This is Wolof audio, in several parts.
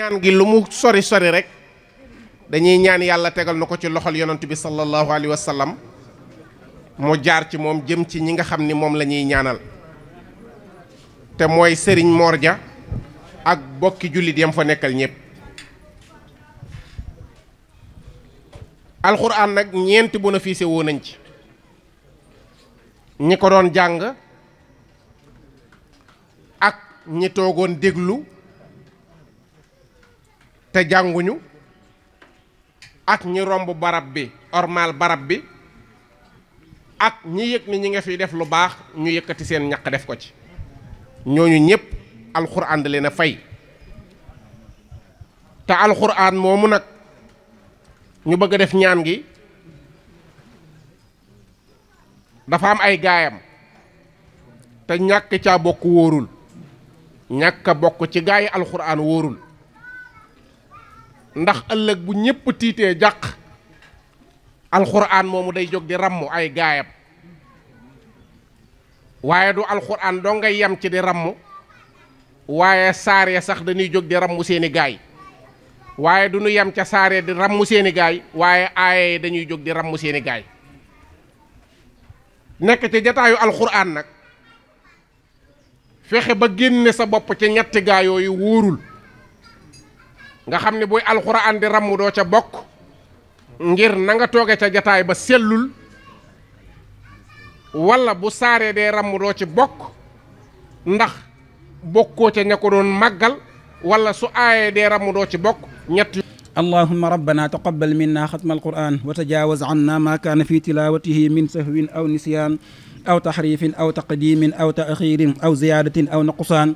ñaan gi lu mu sori sori rek dañuy ñaan yàlla tegal na ko ci loxol yonent bi sallallahu alayhi wa sallam mu jaar ci moom jëm ci ñi nga xam ni moom la ñaanal te mooy Serigne Mor Dia ak bokki jullit yam fa nekkal ñëpp alxuraan ñeenti bénéfice woo nañ ci ñi ko doon jàng ak ñi toogoon déglu te jànguñu ak ñi romb barab bi ormal barab bi ak ñi yëg ni ñi nga fi def lu baax ñu yëkkati seen ñaq def ko ci ñooñu ñëpp alxuraan da leen a fay te alxuraan moomu nag ñu bëgg a def ñaan gi dafa am ay gaayam te ñàkk caa bokk wóorul ñàkk bokk ci gaayi alxuraan wóorul ndax ëllëg bu ñépp tiitee jàq alxuraan moomu day jóg di ràmm ay gaayam waaye du alxuraan doo ngay yem ci di ràmm waaye saar sax dañuy jóg di ràmm seeni gaay waaye du ñu yem ca saare ya di ràmm seeni gaay waaye aaya yi dañuy jóg di ràmm seeni gaay nekk ci jataayu alxuraan nag fexe ba génne sa bopp ci ñetti gaayooyu wóorul nga xam ne booy alxuraan di ràmm doo ca bokk ngir na nga tooge ca jataay ba sellul walla bu saaree dee ràmm doo ci bokk ndax bokkoo ca ña ko doon màggal wala su aayee dee ràmm doo ci bokk ñett اللهم ربنا تقبل منا ختم القرآن وتجاوز عنا ما كان في تلاوته من سهو أو نسيان أو تحريف أو تقديم أو تأخير أو زيادة أو نقصان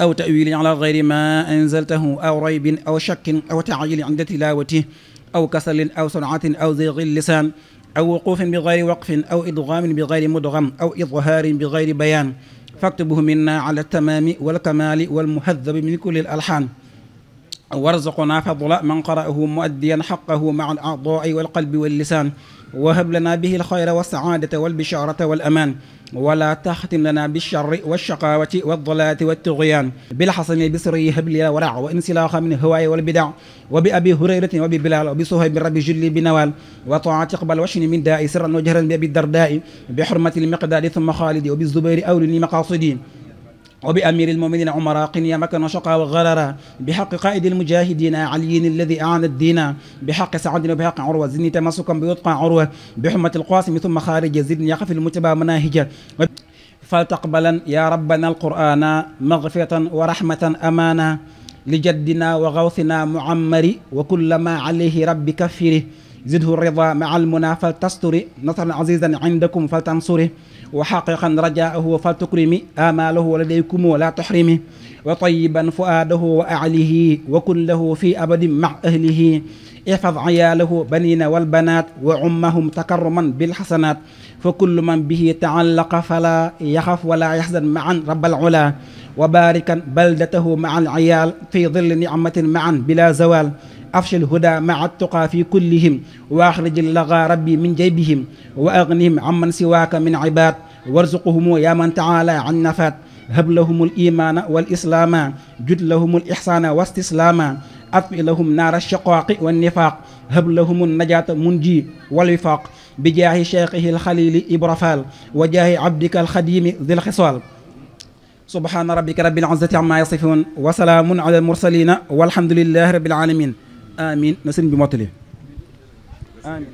aw tawilin ala geyri ma anzaltahu aw raybin aw shakkin aw taajilin inda tilawatih aw kasalin aw suraatin aw zeyqi lisan aw wuqufin bi geyri waqfin aw idgaamin bi geyri mudgam aw idhaarin bi geyri bayaan faktubuhu minna ala tamaami walkamali walmuhadabi min kulli alalxaan warzuqna fadla man qara'ahu muaddiyan xaqahu maa al a'daa'i walqalbi wallisaan wahab lana bihi alxayra walsacaadata walbishaarata walamaan ولا تختم لنا بالشر والشقاوة والضلالة والطغيان بالحسن بسري هب لي ورع وإن سلاخ من هواي والبدع وبأبي هريرة وببلال وبصهيب رب جلي بنوال وطاعة تقبل وشن من داء سرا وجهرا بأبي الدرداء بحرمة المقدار ثم خالد وبالزبير أولي مقاصدين وبأمير المؤمنين عمر قنيا مكن وشقا وغررا بحق قائد المجاهدين علي الذي أعان الدين بحق سعد وبحق عروة زدني تمسكا بيتقى عروة بحمة القاسم ثم خارج زدني يقف المتبى مناهجا فلتقبلا يا ربنا القرآن مغفرة ورحمة أمانا لجدنا وغوثنا معمر وكل ما عليه رب كفره زده الرضا مع المنى فلتستر نصرا عزيزا عندكم فلتنصره wa xaqiqan rajaahu fal tukrimi amaalahu ladaykum la tuhrimi wa tayiban fuaadahu wa aalihi wa kun lahu fi abadin ma ahlihi ihfad ayaalahu banina walbanaat wa ummahum takarruman bilxasanaat fa kullu man bihi taallaqa fala yaxaf wala yaxzan maan rabbal ula wa baarikan baldatahu maa al ayaal fi dilli nicmatin maan bila zawal afshil huda maa tuqaa fi kullihim wa axrijil laga rabbi min jaybihim wa agnihim amman siwaaka min ibaad warzuqhumu yaa man taala an nafaat hab lahum al imaana wal islaama jud lahum al ixsaana wa stislaama atfi lahum naara shiqaaqi wa nifaaq hab lahum najaata munji wal wifaaq bi jaahi cheikhihi al xalili ibrafal wa jaahi abdika al xadimi dil xisaal subhaana rabbika rabbil izzati amma yasifun wa salaamun ala al mursalina walhamdulillahi rabbil alamin amin na sëriñ bi mottali amin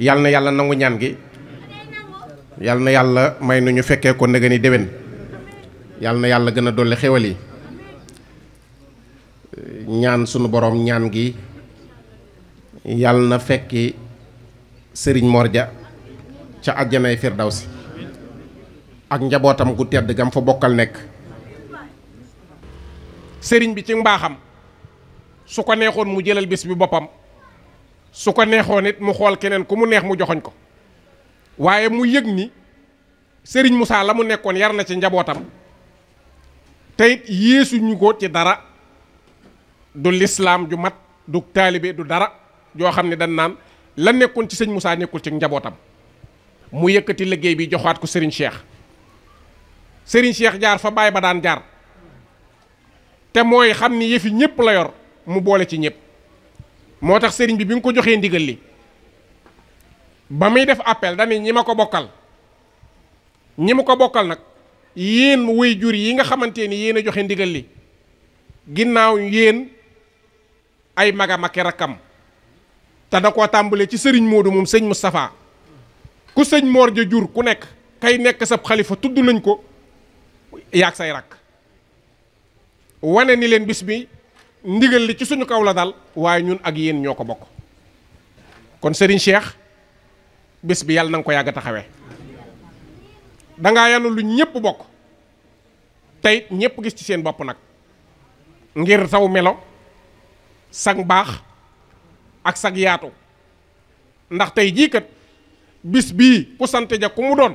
yal na yàlla nangu ñaan gi yal na yàlla may na ñu fekkee ko ndege déwén yal na yàlla gën a dolli xéwal yi ñaan sunu borom ñaan gi yal na fekki sëriñ Morja ca àjjanay Firdawsi ak njabootam gu tedd gam fa bokkal nekk sëriñ bi ci mbaaxam su ko neexoon mu jëlal bis bi boppam su ko neexoon it mu xool keneen ku mu neex mu joxoñ ko waaye mu yëg ni sëriñ Moussa la mu nekkoon yar na ci njabootam te it yéesuñu ko ci dara du lislaam ju mat du taalibe du dara joo xam ne dañ naan la nekkoon ci sëñ Moussa nekkul ci njabootam mu yëkkati liggéey bi joxaat ko Serigne Cheikh Serigne Cheikh jaar fa baay ba daan jaar te mooy xam ni yëfi ñëpp la yor mu boole ci ñëpp moo tax sëriñ bi bi nga ko joxee ndigal li ba muy def appel dani ñi ma ko bokkal ñi ma ko bokkal nag yéen way jur yi nga xamante ni yéen a joxe ndigal li ginnaaw yéen ay magam ak rakkam te da koo tàmbalee ci sëriñ Moodu moom sëñ Moustapha ku sëñ moor ja jur ku nekk kay nekk sab xalifa tudd nañ ko yaag say rakk wane ni leen bis bi ndigal li ci suñu kaw la dal waaye ñun ak yéen ñoo ko bokk kon sëriñ Cheikh bis bi yàlla na ko yàgg taxawee danga yàlla lu ñépp bokk tey ñëpp gis ci seen bopp nag ngir saw melo sag baax ak sag yaatu ndax tey jii kat bis bii ku sant ja ku mu doon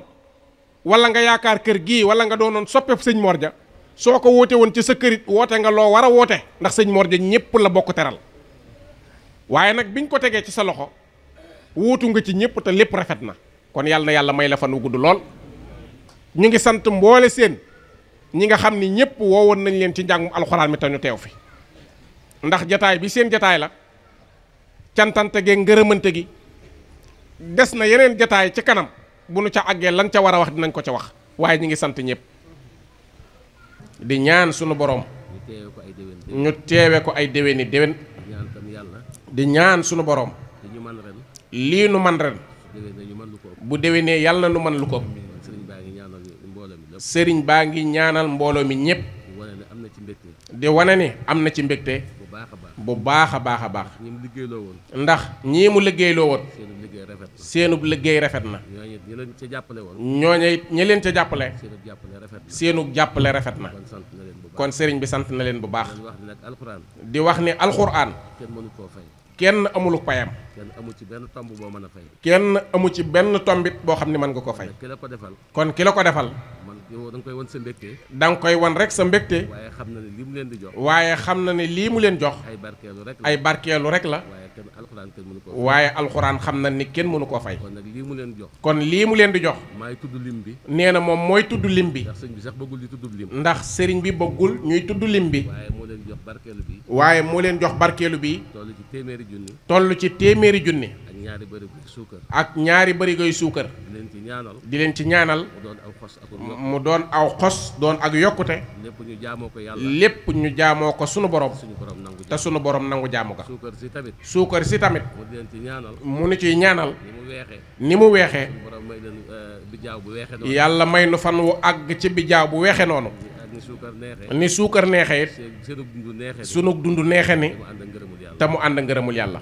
walla nga yaakaar kër gii wala nga doonoon soppe sëñ moor ja soo ko woote woon ci sa kërit woote nga loo war a woote ndax sëñ moor ja ñëpp la bokk teral waaye nag biñ ko tegee ci sa loxo wootu nga ci ñépp te lépp rafet na kon yàlla yàlla may la fan wu gudd lool ñu ngi sant mboole seen ñi nga xam ni ñëpp woowoon nañ leen ci njàngum alxuraan mi te ñu teew fi ndax jataay bi seen jataay la. cantante geeg ngërëmante gi des na yeneen jataay ci kanam bu nu ca àggee lan ca war a wax dinañ ko ca wax waaye ñu ngi sant ñëpp di ñaan sunu borom ñu teewe ko ay déwéni déwén di ñaan sunu borom lii nu man ren bu déwénee yàlla na nu man lu ko sëriñ baa ngi ñaanal mbooloo mi ñëpp di wane ne am na ci mbégte bu baax a baax a baax. ñi liggéeyloo woon. ndax ñii mu liggéeyloo woon. seenub liggéey rafet na seenub liggéey rafet na. ñooñu ñi leen ca jàppale woon. ñooñu it ñi leen ca jàppale. seenub jàppale rafet na seenub jàppale rafet na. kon sëriñ bi sant na leen bu baax. di wax ni alxuraan. kenn mënu koo fay. kenn amulu payam. kenn amu ci benn tomb boo mën a fay. kenn amu ci benn tombit boo xam ne mën nga koo fay. kon ko defal. kon ki la ko defal. yow da koy wan sa mbégte. da nga wan rek sa mbégte. waaye xam na ne lii mu leen di jox. waaye xam na ne lii mu leen jox. ay barkeelu rek la ay barkeelu rek la. waaye kenn alxuraan kenn mënu koo waaye alxuraan xam na ni kenn mënu koo fay. kon nag lii mu leen di jox. kon lii mu leen di jox. maay tudd lim bi. nee na moom mooy tudd lim bi. ndax sëriñ bi sax bëggul di tudd ndax sëriñ bi bëggul ñuy tudd lim bi. waaye moo leen jox barkeelu bi. waaye moo leen jox barkeelu bi. toll ci téeméeri junni. toll ci téeméeri junni. ñaari bërigo suukar. ak ñaari bërigoy suukar. di leen ci ñaanal. di leen ci ñaanal. mu doon aw xos ak mu doon aw xos doon ak yokkute. lépp ñu jaamoo ko yàlla. lépp ñu jaamoo ko sunu borom. te sunu borom nangu jaamu ga. suukar si tamit. suukar si tamit. mu di leen ci ñaanal. mu ni ciy ñaanal. mu weexee. ni mu weexee. Euh, bijaaw bu weexee noonu. yàlla may nu fan wu àgg ci bijaaw bu weexee noonu. ni suukar neexee. ni suukar neexee it. sunu dund neexee ni. te mu ànd ngërëmul yàlla.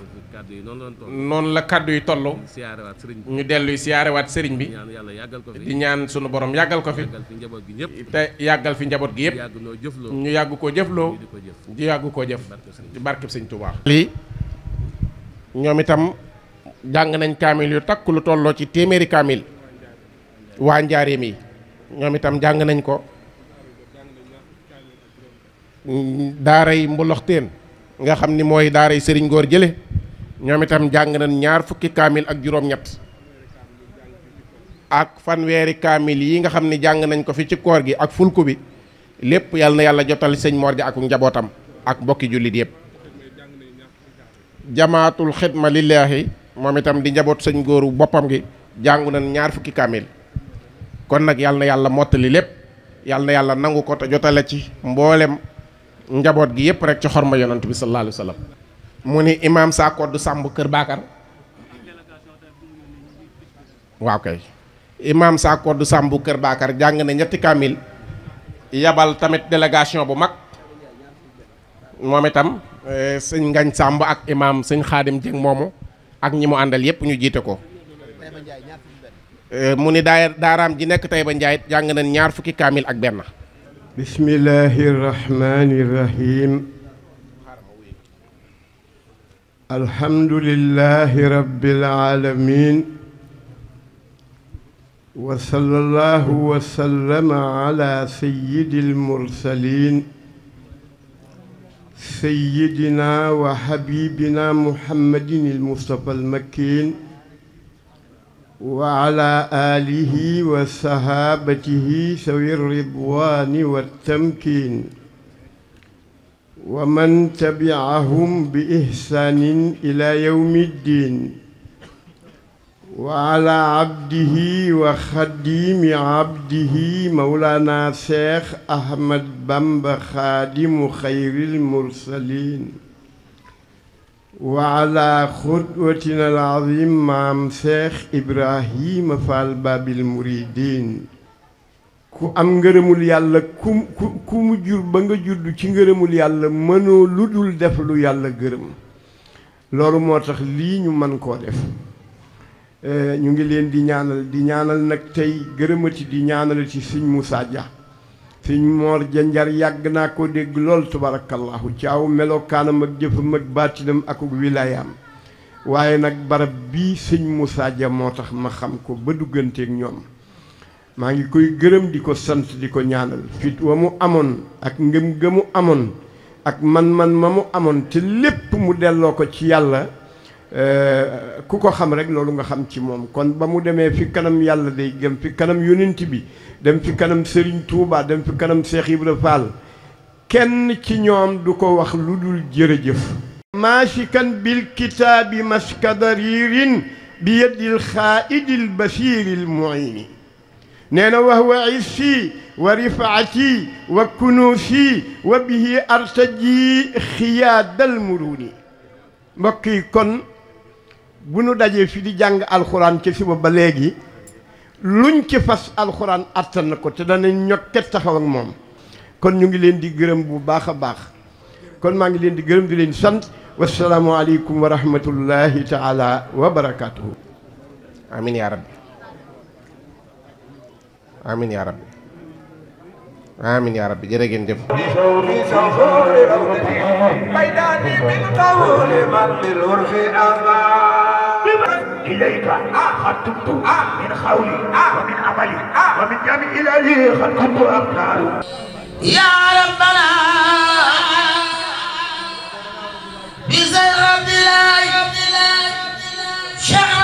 noonu la kàddu yi toll ñu delluy siyaarewaat sëriñ bi di ñaan sunu borom yàggal ko fi te yàggal fi njaboot gi yëpp ñu yàgg koo jëfloo ñu yàgg koo jëf ci barkeb sañ Tuubaa lii ñoom itam jàng nañ kaamil yu takk lu tolloo ci téeméeri kaamil waa njaareem yi ñoom itam jàng nañ ko daaray mboloxteen nga xam ni mooy daaray sëriñ góor jële ñoom itam jàng nañ ñaar fukki kaamil ak juróom-ñett ak fanweeri kaamil yi nga xam ni jàng nañ ko fi ci koor gi ak fulku bi lépp yàlla na yàlla jotal sëñ Mor Dia ak njabootam ak mbokki jullit yëpp. jamaatul xidma lillaahi moom itam di njaboot sëñ góoru boppam gi jàngu nañ ñaar fukki kaamil kon nag yàlla na yàlla mottali lépp yàlla na yàlla nangu ko te jotale ci mboolem njaboot gi yëpp rek ci xorma yonant bi sallallahu alayhi wa mu ni imaam Sakkodou Samb Kër Bakar waaw kay imaam Sakkodou Samb Kër Bakar jàng na ñetti kaamil yabal tamit délégation bu mag moom itam eh, sëñ Ngañ Samb ak imaam sëñ Xaadim Jeng moomu ak ñi mu àndal yépp ñu jiite ko eh, mu ni daay daaraam ji nekk ba Ndiaye jàng na ñaar fukki kaamil ak benn bismillahi rahmaani rahim الحمد لله رب العالمين وصلى الله وسلم على سيد المرسلين سيدنا وحبيبنا محمد المصطفى المكين وعلى آله وصحابته سوي الرضوان والتمكين wa man tabi'ahum bi ihsaanin ila yawmi ddiin wa ala abdihi wa xadimi abdihi mawlana cheikh ahmad bamba xaadimu xayril mursalin wa ala xudwatina al azim maam cheikh ibrahima fall babil muridin ku am ngërëmul yàlla ku ku ku mu jur ba nga judd ci ngërëmul yàlla mënoo lu dul def lu yàlla gërëm loolu moo tax lii ñu mën koo def eh, ñu ngi leen di ñaanal di ñaanal nag tey gërëmati di ñaanal ci sëñ Moussa Dia sëñ Moor Ja Njar yàgg naa ko dégg lool tabarakallahu ci aw melokaanam ak jëfam ak baatinam ak wilayaam waaye nag barab bii sëñ Moussa Dia moo tax ma xam ko ba dugganteeg ñoom maa ngi koy gërëm di ko sant di ko ñaanal fit wa mu amoon ak ngëm gëmu amoon ak man-man ma mu amoon te lépp mu delloo ko ci yàlla eh, ku ko xam rek loolu nga xam ci moom kon ba mu demee fi kanam yàlla day dem fi kanam yonent bi dem fi kanam Serigne tuubaa dem fi kanam seex Ibra Fall kenn ci ñoom du ko wax lu dul jërëjëf maasikan bil kitaabi maskadariirin bi yadil xaaidil basiiril muini nee na wax wa issi wa rifaati wa kunuusi wa bihi artaji xiyaadal muruni mbokk yi kon bu nu dajee fi di jàng alxuraan ci suba ba léegi luñ ci fas alxuraan attan na ko te danañ ñokket taxaw moom kon ñu ngi leen di gërëm bu baax a baax kon maa ngi leen di gërëm di leen sant wasalaamualeykum wa rahmatullahi taala wa barakaatuhu amin yaa rabbi amin yaa rabbi amin yaa rabbi jërë ngeen jëf إليك قد تبت من خولي ومن عملي ومن جميع إلهي قد كنت أقنع يا ربنا بزي رب الله شعر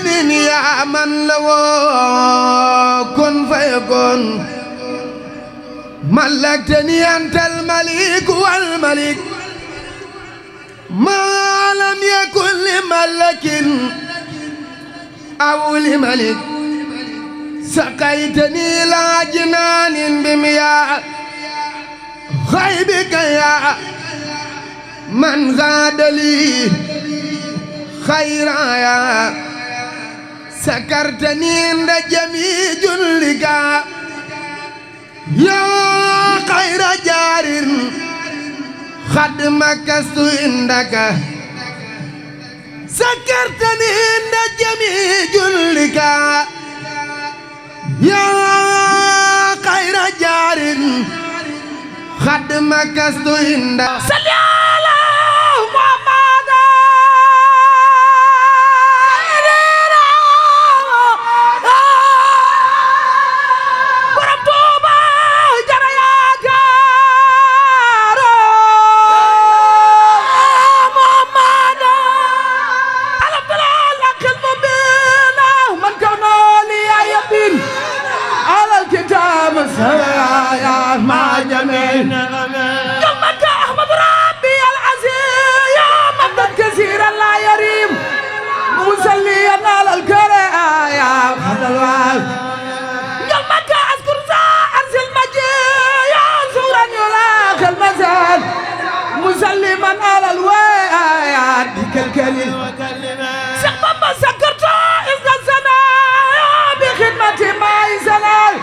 din yaa man la woo kun fayakun ملكتني أنت الملك والملك ما لم يكن لملك أو لملك سقيتني إلى جنان بمياه غيبك يا من غاد لي خيرا يا سكرتني عند جميع جلك يا خير جار قد مكثت عندك سكرتني عند جميع جلك يا خير جار قد مكثت عندك صلي على محمد وكلم سبب سكرت إذا زنا بخدمة ما يزلال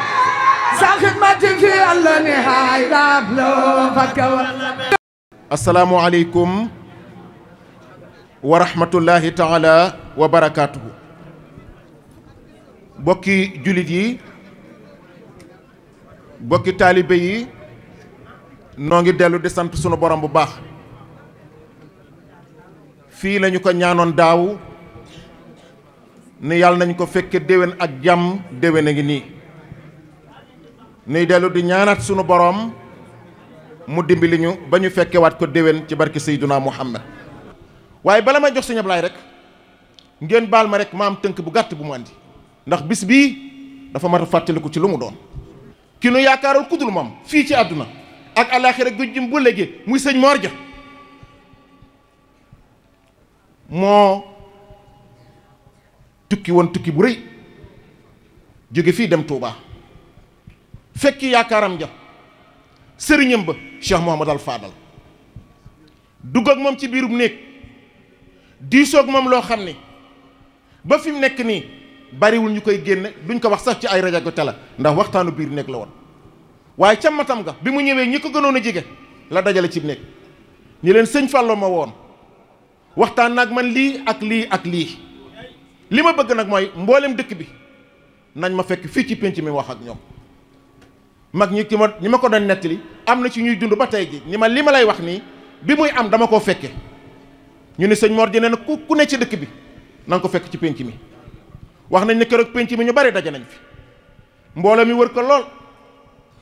سخدمة في الله نهاية رابلو فكوى السلام عليكم ورحمة الله تعالى وبركاته بوكي جلدي bokki taalibe yi noo ngi dellu di sant sunu borom bu baax fii lañu ko ñaanoon daaw ni yàlla nañu ko fekke déwén ak jàmm déwén a ngi nii nuy dellu di ñaanaat sunu boroom mu dimbali ñu ba ñu fekkewaat ko déwén ci barke Seydunaa Muhammad waaye bala may jox Sëñ Ablaay rek ngeen baal ma rek ma am tënk bu gàtt bu mu àndi ndax bis bii dafa mat a fàttaliku ci lu mu doon ki nu yaakaarul kudul moom fii ci àdduna ak alaaxira gujjum bu léegi muy sëñ Mor Ja moo tukki woon tukki bu rëy jóge fii dem Touba fekki yaakaaram ja sëriñam ba Cheikh Mouhamad Al Fadal dugg ak moom ci biirub néeg diisoog moom loo xam ni ba fi mu nekk nii bariwul ñu koy génne duñ ko wax sax ci ay rajo ak ndax waxtaanu biir néeg la woon waaye ca matam ga bi mu ñëwee ñi ko gënoon a jege la dajale ci néeg ñu leen sëñ Fallou ma woon waxtaan nag man lii ak lii ak lii li ma bëgg nag mooy mboolem dëkk bi nañ ma fekk fii ci pénc mi wax ak ñoom mag ñi ki ma ñi ma ko doon nettali am na ci ñuy dund ba tey ji ni ma li ma lay wax nii bi muy am dama koo fekke ñu ne sëñ Mor jeneen ne ku ku ne ci dëkk bi na ko fekk ci pénc mi wax nañ ne keroog pénc mi ñu bari daje nañ fi mbooloo mi wër ko lool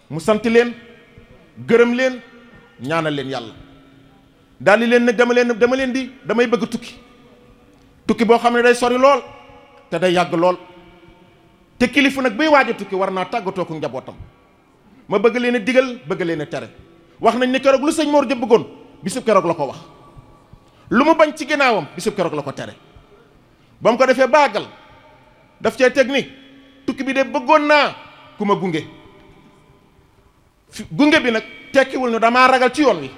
mu sant leen gërëm leen ñaana leen yàlla daal di leen nag dama leen dama leen di damay bëgg tukki tukki boo xam ne day sori lool te day yàgg lool te kilifa nag bay waaj tukki war naa tàggatoo ko njabootam ma bëgg leen a digal bëgg leen a tere wax nañ ne keroog lu sëñ Mor Diop bëggoon bisub keroog la ko wax lu mu bañ ci ginnaawam bisub keroog la ko tere ba mu ko defee bàggal daf cee teg ni tukki bi de bëggoon naa ku ma gunge gunge bi nag tekkiwul ne damaa ragal ci yoon wi.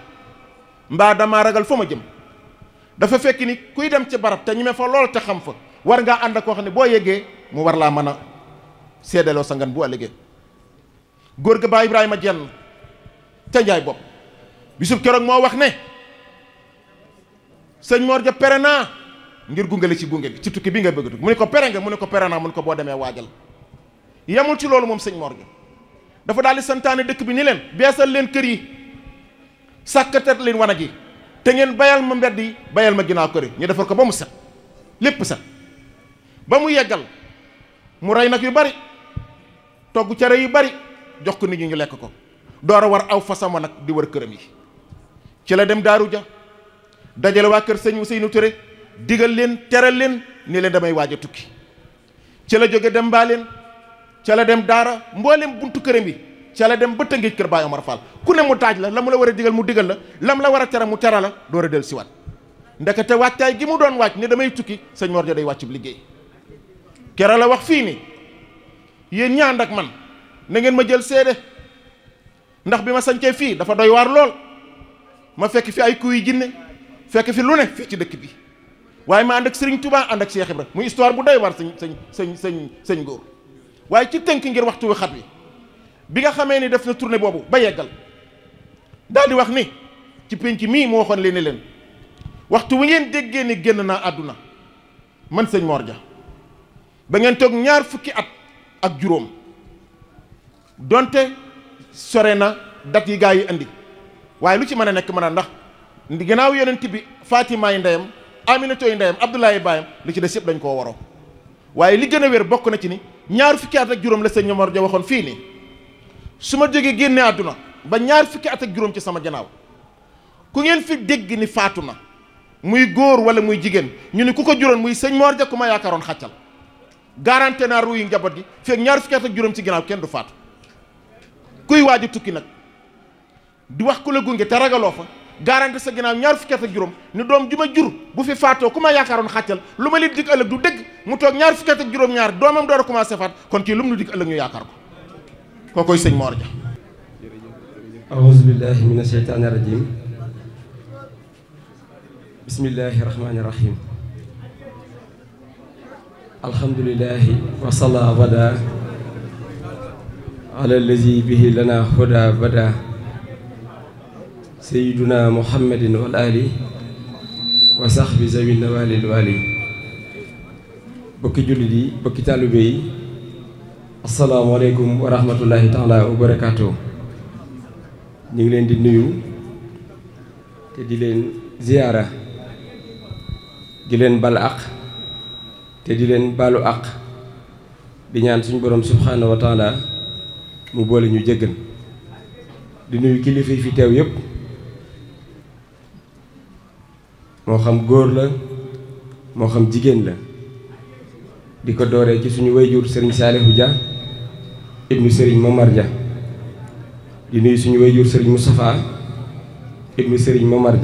mbaa dama ragal fa ma jëm dafa fekk ni kuy dem ci barab te ñeme fa lool te xam fa war ngaa ànd ak koo xam ne boo yeggee mu war laa mën a seedaloo sa ngan bu ëllëgee góor gi baa Ibrahima jenn ca njaay bopp bisub keroog moo wax ne sëñ moor ja pere naa ngir gungale ci gunge ci tukki bi nga bëgg a tukki mu ne ko pere nga mu ne ko pere naa mu ne ko boo demee waajal yemul ci loolu moom sëñ Mor ja dafa daal di dëkk bi ni leen beesal leen kër yi. sàkkatat leen wanag yi te ngeen bayal ma mbedd yi bayal ma ginaaw kër yi ñu defar ko ba mu set lépp set ba mu yeggal mu rey nag yu bari togg cere yu bari jox ko nit ñi ñu lekk ko door a war aw fasama nag di wër këram yi ci la dem daaru ja dajale waa kër sëñ Ousseynou Touré digal leen teral leen ni leen damay waaj tukki ci la jóge dem mbaaleen ca la dem daara mboolem buntu këram yi ca la dem ba Tëngéej kër Baay Omar fal ku ne mu taaj la la mu la war a digal mu digal la lam la war a tere mu tere la door a del siwaat ndekete wàccaay gi mu doon wàcc ne damay tukki sañ Mor day wàcc bu liggéey kera la wax fii ni yéen ñaan ak man na ngeen ma jël seede ndax bi ma sañcee fii dafa doy waar lool ma fekk fi ay kuy jinne fekk fi lu ne fii ci dëkk bi waaye ma ànd ak Serigne Touba ànd ak Cheikh Ibra muy histoire bu doy waar sañ sëñ sëñ sëñ sëñ góor waaye ci tënk ngir waxtu wi xat bi nga xamee ni def na tournée boobu ba yeggal daal di wax ni ci pénc mii mu waxoon leen leen waxtu wi ngeen déggee ni génn naa àdduna man sëñ Mor Dia ba ngeen toog ñaar fukki at ak juróom doonte sore na dat yi gaa yi indi waaye lu ci mën a nekk mën a ndax ginnaaw yonent bi Fatima yi ndeyam Aminata yi ndeyam Abdoulaye baayam li ci des yëpp dañ koo waroo waaye li gën a wér bokk na ci ni ñaar fukki at ak juróom la sëñ Mor waxoon fii nii su ma jógee génne àdduna ba ñaar fukki at ak juróom ci sama gannaaw ku ngeen fi dégg ni faatu na muy góor wala muy jigéen ñu ne ku ko juróon muy sëñ Mor Ja ku ma yaakaaroon xàccal garanté naa ruuyu njaboot yi feeg ñaar fukki at ak juróom ci gannaaw kenn du faatu kuy waaj tukki nag di wax ku la gunge te ragaloo fa garanté sa gannaaw ñaar fukki at ak juróom ni doom ju ma jur bu fi faatoo ku ma yaakaaroon xàccal lu ma leen dig ëllëg du dëgg mu toog ñaar fukki at ak juróom-ñaar doomam a commencé faat kon kii lu mu nu dig ëllëg ñu yaakaar ko kookoy sëñ Mor Dia aouzu billahi min asheytaani rajim bismillahi rahmaani rahim alhamdulilahi wasala bada ala allazi bihi lana huda bada sayiduna muhammadin wal ali wa sahbi zawi nawalil wali bokki jullit yi bokki taalibe yi asalaamaaleykum wa rahmatullahi taala wa barakaatu ñu ngi leen di nuyu te di leen ziyaara di leen bal aq te di leen balu àq di ñaan suñu boroom subhaanahu wa mu boole ñu jéggal di nuyu kilifa yi fi teew yépp moo xam góor la moo xam jigéen la di ko dooree ci suñu wayjur Serigne Salihou Dia ibnu sëriñ Momar di nuyu suñu wayjur sëriñ Moustapha ibnu sëriñ Momar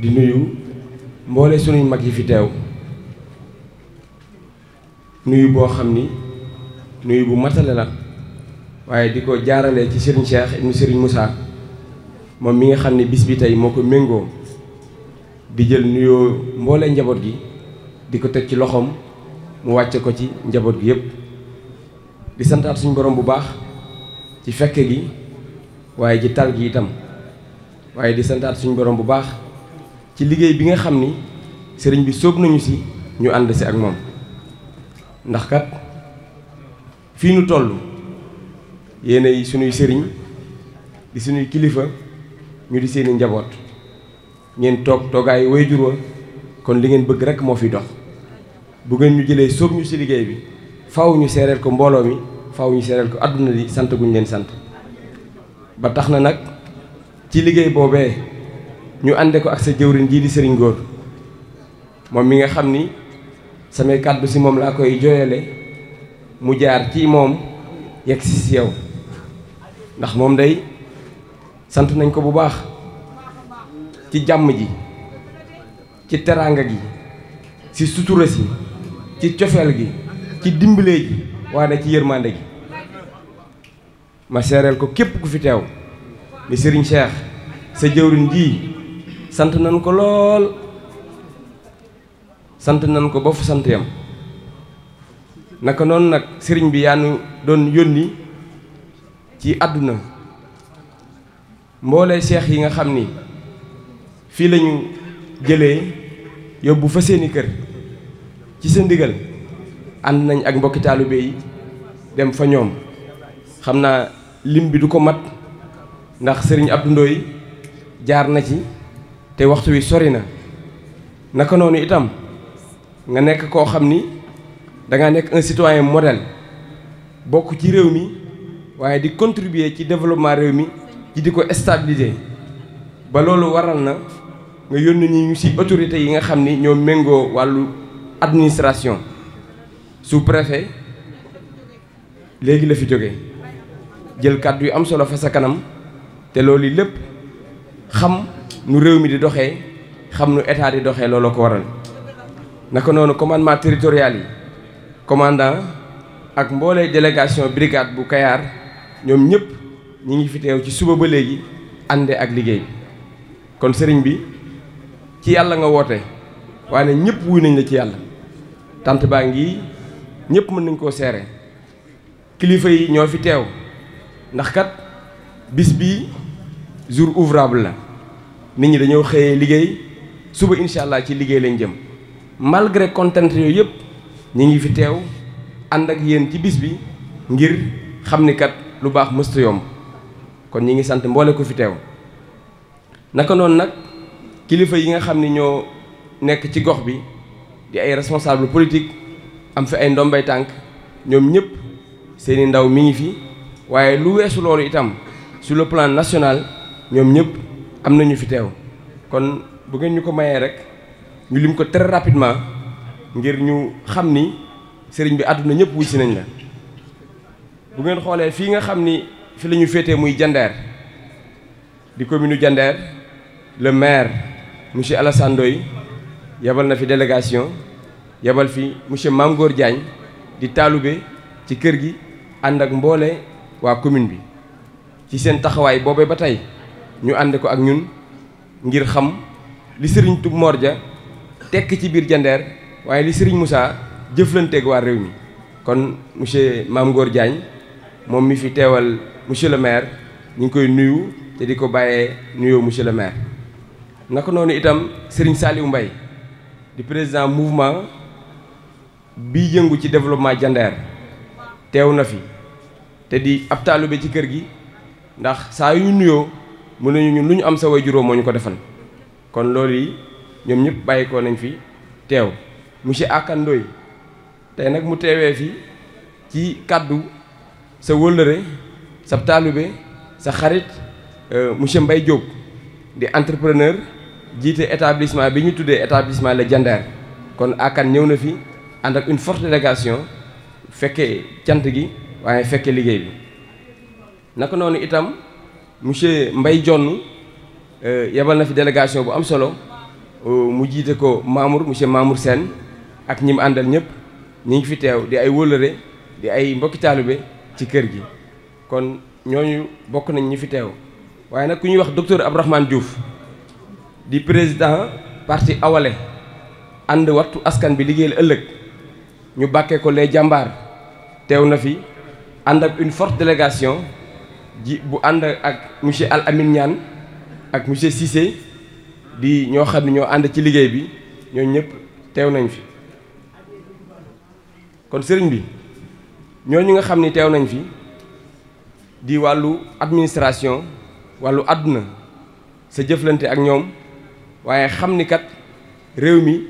di nuyu mboole suñuy mag yi fi teew nuyu boo xam ni nuyu bu matale la waaye di ko jaarale ci sëriñ Cheikh ibnu sëriñ Moussa moom mi nga xam ne bis bi tey moo ko méngoo di jël nuyoo mboole njaboot gi di ko teg ci loxoom mu wàcce ko ci njaboot gi yépp di santaat suñu borom bu baax ci fekke gi waaye ci tal gi itam waaye di santaat suñu borom bu baax ci liggéey bi nga xam ni sëriñ bi sóob nañu si ñu ànd si ak moom ndax kat fii nu toll yéenay suñuy sëriñ di suñuy kilifa ñu di seeni njaboot ngeen toog toogaay wayjur wa kon li ngeen bëgg rekk moo fi dox bu ngeen ñu jëlee sóob ñu si liggéey bi faaw ñu seereel ko mbooloo mi faaw ñu seereel ko àdduna li sant guñ leen sant ba tax na nag ci liggéey boobee ñu ànde ko ak sa jëwriñ jii di sëriñ góor moom mi nga xam ni samay kàddu si moom laa koy jooyale mu jaar ci moom yegg si si yow ndax moom day sant nañ ko bu baax ci jàmm ji ci teraanga gi ci sutura si ci cofeel gi ci dimbalee ji waaye ci yërmande gi ma seereel ko képp ku fi teew ni sëriñ Cheikh sa jëwriñ ji sant nañ ko lool sant nañ ko ba fu sant yam naka noon nag sëriñ bi yaa nu doon yónni ci àdduna mboole seex yi nga xam ni fii lañu jëlee yóbbu fa seeni kër ci sa ndigal ànd nañ ak mbokki taalibe yi dem fa ñoom xam naa lim bi du ko mat ndax sëriñ ab Ndoye jaar na ci te waxtu wi sori na naka noonu itam nga nekk koo xam ni danga nekk un citoyen modèle bokk ci réew mi waaye di contribuer ci développement réew mi ci di ko stabiliser ba loolu waral na nga yónni ñu si autorités yi nga xam ni ñoo méngoo wàllu administration su préfet léegi la fi jóge jël kàddu yu am solo fa sa kanam te loolu lépp xam nu réew mi di doxee xam nu état di doxee looloo ko waral naka noonu commandement territorial yi commandant ak mboolee délégation brigade bu kayaar ñoom ñëpp ñi ngi fi teew ci suba ba léegi ànde ak liggéey kon sëriñ bi ci yàlla nga woote waaye ñëpp wuy nañ la ci yàlla tant baa ngi ñëpp mën nañ koo seere kilifa yi ñoo fi teew ndax kat bis bi jour ouvrable la nit ñi dañoo xëyee liggéey suba incha allah ci liggéey lañ jëm malgré contraintes yooyu yëpp ñu ngi fi teew ànd ak yéen ci bis bi ngir xam ni kat lu baax mësta yomb kon ñi ngi sant mboole ko fi teew naka noonu nag kilifa yi nga xam ni ñoo nekk ci gox bi di ay responsable politique am fi ay ndombay tànk ñoom ñëpp seeni ndaw mi ngi fi waaye lu weesu loolu itam sur le plan national ñoom ñëpp am nañu fi teew kon bu ngeen ñu ko mayee rek ñu lim ko très rapidement ngir ñu xam ni sëriñ bi àdduna ñëpp wuy si nañ la bu ngeen xoolee fii nga xam ni fi la ñu féetee muy Jandeer di commune Jandeer le maire monsieur Alassane Ndoye yabal na fi délégation yebal fi monsieur Mame Gor Diagne di taalube ci kër gi ànd ak mboole waa commune bi ci seen taxawaay boobee ba tey ñu ànd ko ak ñun ngir xam li sëriñ Tub Mor tekk ci biir Jandeer waaye li sëriñ Moussa jëflanteek waa réew mi kon monsieur Mame Gor moom mi fi teewal monsieur le maire ñu ngi koy nuyu te di ko bàyyee nuyoo monsieur le maire naka noonu itam sëriñ Saliou mbay di président mouvement bi yëngu ci développement Jandeer teew na fi te di ab taalibe ci kër gi ndax saa yu ñu nuyoo mën nañu ñun lu ñu am sa way juróom moo ñu ko defal kon loolu yi ñoom ñëpp bàyyi ko nañ fi teew monsieur Akane Ndoye tey nag mu teewee fi ci kàddu sa wëllëre sa taalibe sa xarit euh, monsieur Mbaye Diop di entrepreneur jiite établissement bi ñu tuddee établissement la Diender kon Akane ñëw na fi ànd ak une forte délégation fekkee cant gi waaye fekke liggéey bi naka noonu itam monsieur Mbaye Jonn euh, yebal na fi délégation bu am solo euh, mu jiite ko Mamour monsieur Mamour Sène ak ñi mu àndal ñëpp ñi ngi fi teew di ay wólëre di ay mbokki taalibe ci kër gi kon ñooñu bokk nañ ñi fi teew waaye nag ku ñuy wax docteur Abdourahmane Diouf di président parti awale ànd wattu askan bi liggéeyal ëllëg ñu bàkkee ko les jàmbaar teew na fi ànd ak une forte délégation ji bu ànd ak monsieur Al Amin Niane ak monsieur Cissé di ñoo xam ne ñoo ànd ci liggéey bi ñoo ñëpp teew nañ fi kon sëriñ bi ñoo ñooñu nga xam ni teew nañ fi di wàllu administration wàllu àdduna sa jëflante ak ñoom waaye xam ni kat réew mi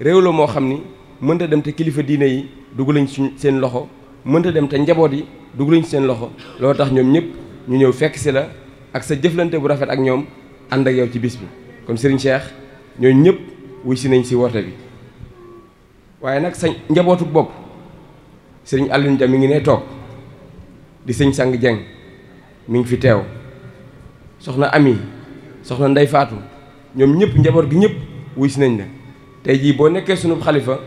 réew la moo xam ni mënta dem te kilifa diine yi dugg lañ suñ seen loxo mënta dem te njaboot yi dugg lañ seen loxo loo tax ñoom ñëpp ñu ñëw fekk si la ak sa jëflante bu rafet ak ñoom ànd ak yow ci bis bi kon sëriñ Cheikh ñooñu ñëpp wuy si nañ si woote bi waaye nag sa njabootu bopp Serigne Alioune Dia mi ngi ne toog di sëñ Sang Dieng mu ngi fi teew soxna Ami soxna Ndey Faatu ñoom ñëpp njaboot gi ñëpp wuy si nañ la tey jii boo nekkee sunu xalifa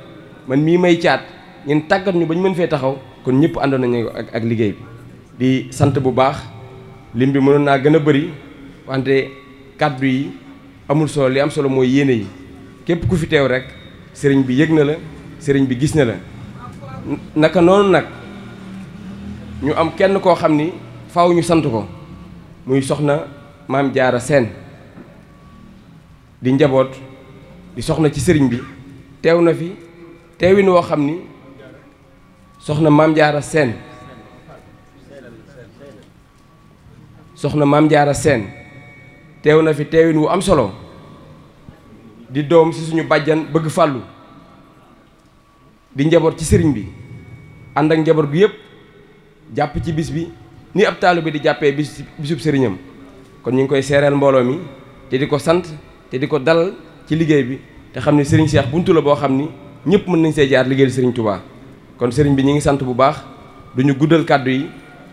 man mii may caat ngeen tàggat ñu ba ñu mën fee taxaw kon ñëpp àndoon nañu ak ak liggéey bi di sant bu baax lim bi mënoon naa gën a bari wante kàddu yi amul solo li am solo mooy yéene yi képp ku fi teew rek sëriñ bi yëg na la sëriñ bi gis na la naka noonu nag ñu am kenn koo xam ni faw ñu sant ko muy soxna maam jaara seen di njaboot di soxna ci sëriñ bi teew na fi teewin woo xam ni soxna maam jaara seen soxna maam jaara seen teew na fi teewin wu am solo di doom si suñu bàjjan bëgg fàllu di njaboot ci sëriñ bi ànd ak njaboot bi yépp jàpp ci bis bi ni ab taalu bi di jàppee bisub sëriñam kon ñu ngi koy seereel mbooloo mi te di ko sant te di ko dalal ci liggéey bi te xam ne sëriñ Cheikh buntu la boo xam ni ñëpp mën nañ see jaar liggéeyal sëriñ tubaa kon sëriñ bi ñi ngi sant bu baax du ñu guddal kàddu yi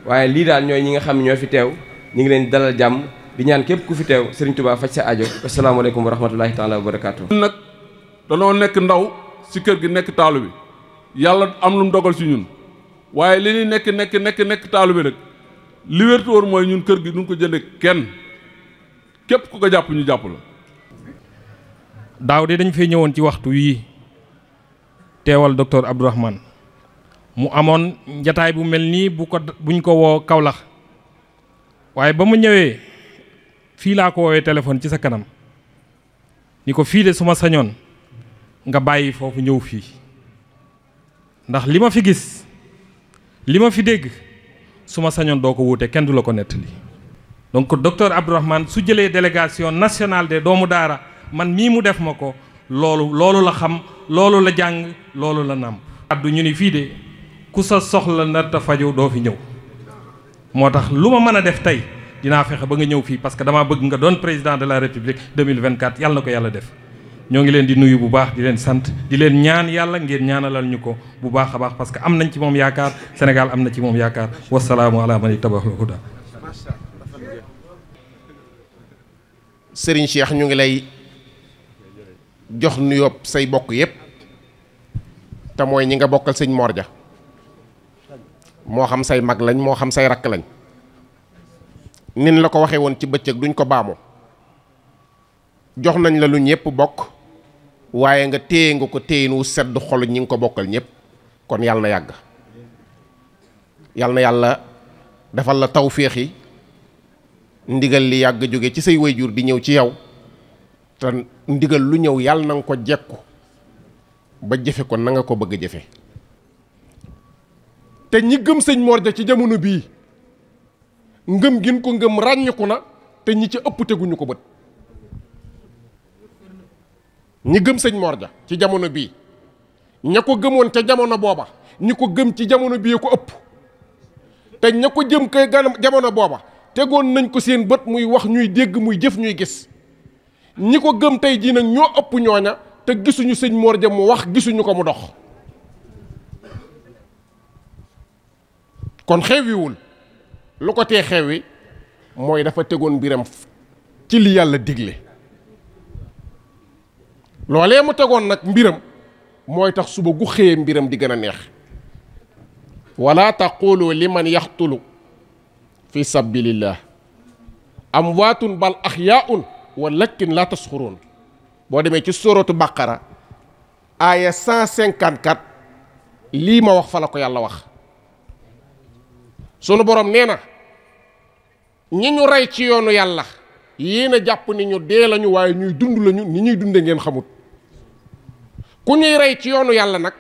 waaye lii daal ñooy ñi nga xam ne ñoo fi teew ñu ngi leen dalal jàmm di ñaan képp ku fi teew sëriñ Touba faj sa aajo asalaamaaleykum wa rahmatulahi taala wa barakaatu nag danoo nekk ndaw si kër gi nekk taalu bi yàlla am lu ndogal dogal si ñun waaye li ñuy nekk nekk nekk nekk taalu bi nag li wértu wértuwoon mooy ñun kër gi duñ ko jënde kenn képp ku ko jàpp daaw de dañ fee ñëwoon ci waxtu yii teewal docteur Abdourahmane mu amoon njataay bu mel nii bu ko buñ ko woo Kaolack waaye ba ma ñëwee fii laa ko woowee téléphone ci sa kanam ni ko fii de su ma sañoon nga bàyyi foofu ñëw fii ndax li ma fi gis li ma fi dégg su ma sañoon doo ko wuute kenn du la ko nettali donc docteur Abdourahmane su jëlee délégation nationale de doomu daara man mii mu def ma ko loolu loolu la xam loolu la jàng loolu la nàmp addu ñu ni fii de ku sa soxla nar ta faju doo fi ñëw moo tax lu ma mën a def tey dinaa fexe ba nga ñëw fii parce que damaa bëgg nga doon président de la république 2024 yàlla na ko yàlla def ñoo ngi leen di nuyu bu baax di leen sant di leen ñaan yàlla ngir ñaanalal ñu ko bu baax a baax parce que am nañ ci moom yaakaar Sénégal am na ci moom yaakaar wasalaamu ala mani tabaxul huda Serigne Cheikh ñu ngi lay jox nuyoo say bokk yépp te mooy ñi nga bokkal sañ Mor ja moo xam say mag lañ moo xam say rakk lañ nin la ko waxee woon ci bëccëg duñ ko baamoo jox nañ la lu ñëpp bokk waaye nga téye nga ko téyin wu sedd xol ñi nga ko bokkal ñëpp kon yàlla na yàgg yàlla na yàlla defal la tawféex yi ndigal li yàgg jóge ci say wayjur di ñëw ci yow te ndigal lu ñëw yàlla na nga ko jekku ba jëfe ko na ko bëgg a jëfe te ñi gëm sëñ Mor Dia ci jamono bii ngëm gin ko ngëm ràññiku na te ñi ci ëpp teguñu ko bët ñi gëm sëñ moor Dia ci jamono bii ña ko gëmoon ca jamono booba ñi ko gëm ci jamono bii ko ëpp te ña ko jëm kay gan jamono booba tegoon nañ ko séen bët muy wax ñuy dégg muy jëf ñuy gis ñi ko gëm tey jii nag ñoo ëpp ñooña te gisuñu sëñ Mor Dia mu wax gisuñu ko mu dox kon xewiwul lu ko tee xewi mooy dafa tegoon mbiram ci li yàlla digle loolee mu tegoon nag mbiram mooy tax suba gu xëyee mbiram di gën a neex wala taqulu liman yaxtulu am sabilillah amwaatun bal axyaun walakin laa tasxuruun boo demee ci sóoratu bàqara aaya 154 lii ma wax fa la ko yàlla wax sunu boroom nee na ñi ñu rey ci yoonu yàlla yéen a jàpp ni ñu dee lañu waaye ñuy dund lañu ni ñuy dunde ngeen xamut ku ñuy rey ci yoonu yàlla nag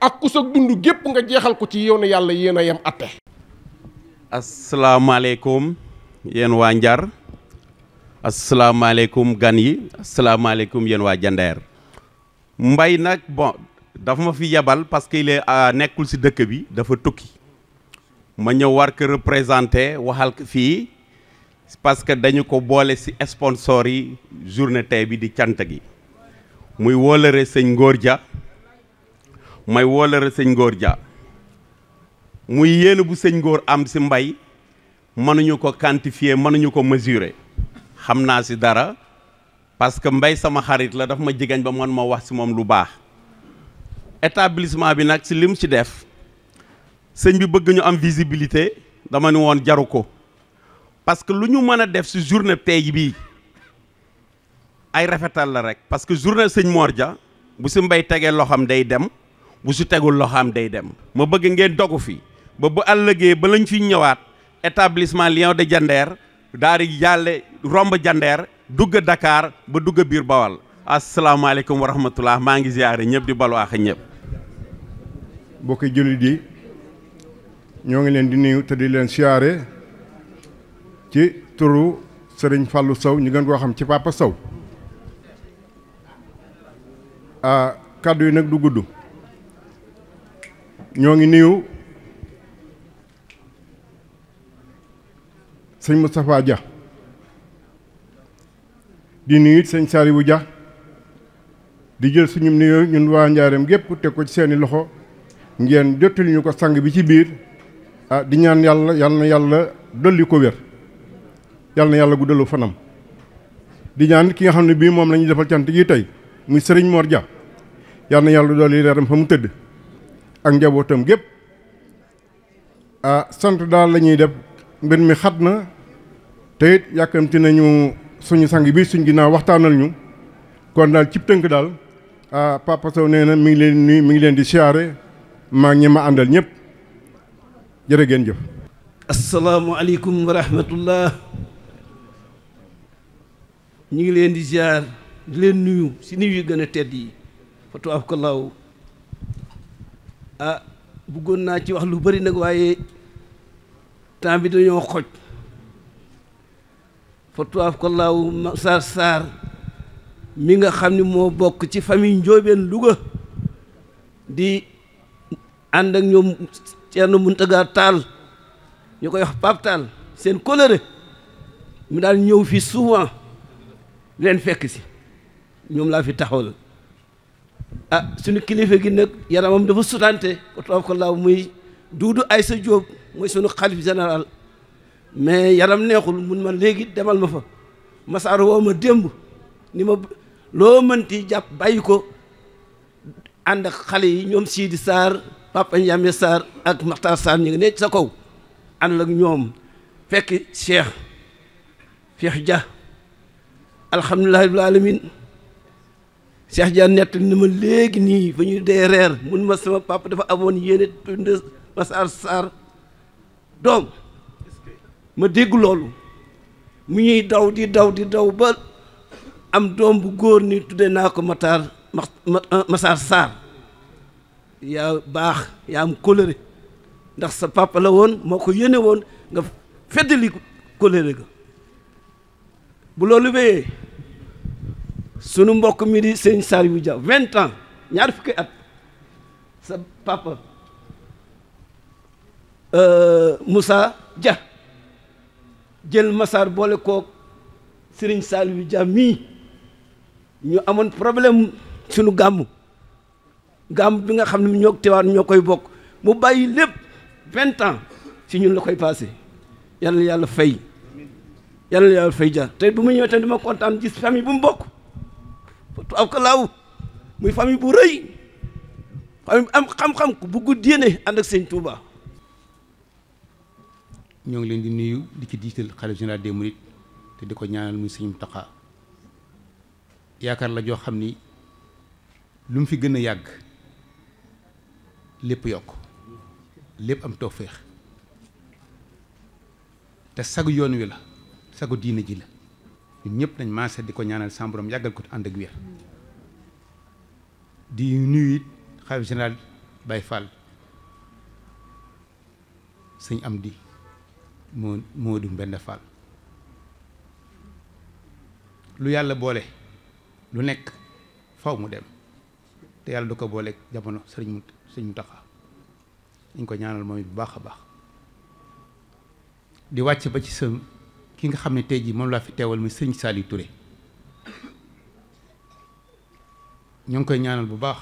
ak ku sa dund gépp nga jeexal ko ci yoonu yàlla yéen a yem atte asalaamaaleykum yéen waa Njar asalaamaaleykum gan yi asalaamaaleykum yéen waa Jandeer mbay nag bon dafa ma fi yebal parce que il est euh, nekkul si dëkk bi dafa tukki ma ñëw war ko représenté waxal fii parce que dañu ko boole si sponsor yi journée tey bi di cant gi muy wóolare sëñ Ngor Dia may wóolare sëñ Ngor Dia muy yéen bu sëñ ngóor am si mbay mënuñu ko quantifier mënuñu ko mesurer xam naa si dara parce que mbay sama xarit la daf ma jigañ ba man ma wax si moom lu baax établissement bi nag si lim si def sëñ bi bëgg ñu am visibilité dama ni woon jaru ko parce que lu ñu mën a def si journée tey bii ay rafetal la rek parce que journée sëñ moor ja bu si mbay tegee loxam day dem bu si tegul loxam day dem ma bëgg ngeen dogu fi ba bu àllëgee ba lañ fi ñëwaat établissement Lion de Diender daal di jàlle romb jandeer dugg Dakar ba dugg biir Bawal asalaamaaleykum wa rahmatullah maa ngi ziare ñëpp di balu àq ñëpp. mbokki jullit yi ñoo ngi leen di nuyu te di leen siyaare ci turu sëriñ Fallou Sow ñu gën koo xam ci Papa Sow ah kàddu yi nag du gudd ñoo ngi nuyu. sëñ Moustapha ja di nuyu sëñ Saliou ja di jël suñu nuyoo ñun waa njaareem gépp teg ko ci seeni loxo ngeen jottali ko sang bi ci biir a ah, di ñaan yàlla yàlla na yàlla dëlli ko wér yàlla na yàlla guddalu fanam di ñaan ki nga xam ne bii moom la ñuy can cant gi tey muy sëriñ Mor Dia yàlla na yàlla dolli leeram fa mu tëdd ak njabootam gépp a ah, sant daal la ñuy def mbir mi xat na te it yàkkamti nañu suñu sang bii suñ ginnaaw waxtaanal ñu kon daal cib tënk daal ah Papa Sow nee na mi ngi leen nuyu mi ngi leen di siyaare maa ngi ma àndal ñëpp jërë ngeen jëf. asalaamualeykum wa rahmatullah ñu ngi leen di ziar di leen nuyu si nuyu yu gën a tedd yi fatu af ko law ah bëggoon naa ci wax lu bari nag waaye. temps bi dañoo xoj fa tuwaaf ko laaw saar saar mi nga xam ni moo bokk ci famille njóobeen Louga di ànd ak ñoom Ceerno Muntaga Taal ñu koy wax Pape Taal seen coloré mu daal ñëw fi souvent leen fekk si ñoom laa fi la ah sunu kilifa gi nag yaramam dafa sutante fa tuwaaf ko laaw muy duudu ay sa jóob mooy sunu xalif général mais yaram neexul mun ma léegi demal ma fa masaar woo ma démb ni ma loo mën ti jàpp bàyyi ko ànd ak xale yi ñoom Sidi Sarr Papa Ndiame Sarr ak Makhtar Sarr ñu ngi ne sa kaw ànd ak ñoom fekk Cheikh Cheikh ja alhamdulilah rabbil alamin Cheikh Dia nett ni ma léegi nii ba ñu dee reer mun ma sama papa dafa amoon yéene tund Masaar Sarr doom ma dégg loolu mu ñuy daw di daw di daw ba am doom bu góor ni tudde naa ko Matar Matar euh, Sarr yaa baax yaa am kóllëre ndax sa papa la woon moo ko yéene woon nga feddali kóllëre ga bu loolu wéyee sunu mbokk mi di sëñ Saliou Dia vingt ans ñaar fukki at sa papa Euh, Moussa ja jël Massar boole kook Serigne Saliou ja mii ñu amoon problème sunu gàmm gàmm bi nga xam ne ñoo teewaan ñoo koy bokk mu bàyyi lépp vingt ans ci ñun la koy passé yal yàlla fay yal na yàlla fay Dia te bu mu ñëwee tamit dama kontaan gis famille bu mu bokk tubaab ko laaw muy famille bu rëy famille bu am xam-xam ku bugg diine ànd ak sëñ Touba. ñoo ngi leen di nuyu di ci diital xalifa général des mourides te di ko ñaanal muy sëñ Mountakha yaakaar la joo xam ni lu mu fi gën a yàgg lépp yokk lépp am tawféex te sagu yoon wi la sagu diine ji la ñun ñëpp nañ maase di ko ñaanal samborom yàggal ko ànd ak di nuyu it xalifa bay Baye Fall sëñ Amdi moo Moodu Mbenda Fall lu yàlla boole lu nekk faw mu dem te yàlla du ko boole jamono sëriñ sëriñ Mountakha dañ ko ñaanal moom bu baax a baax di wàcc ba ci sa ki nga xam ne tey jii moom laa fi teewal mi sëriñ Saliou ture ñoo ngi koy ñaanal bu baax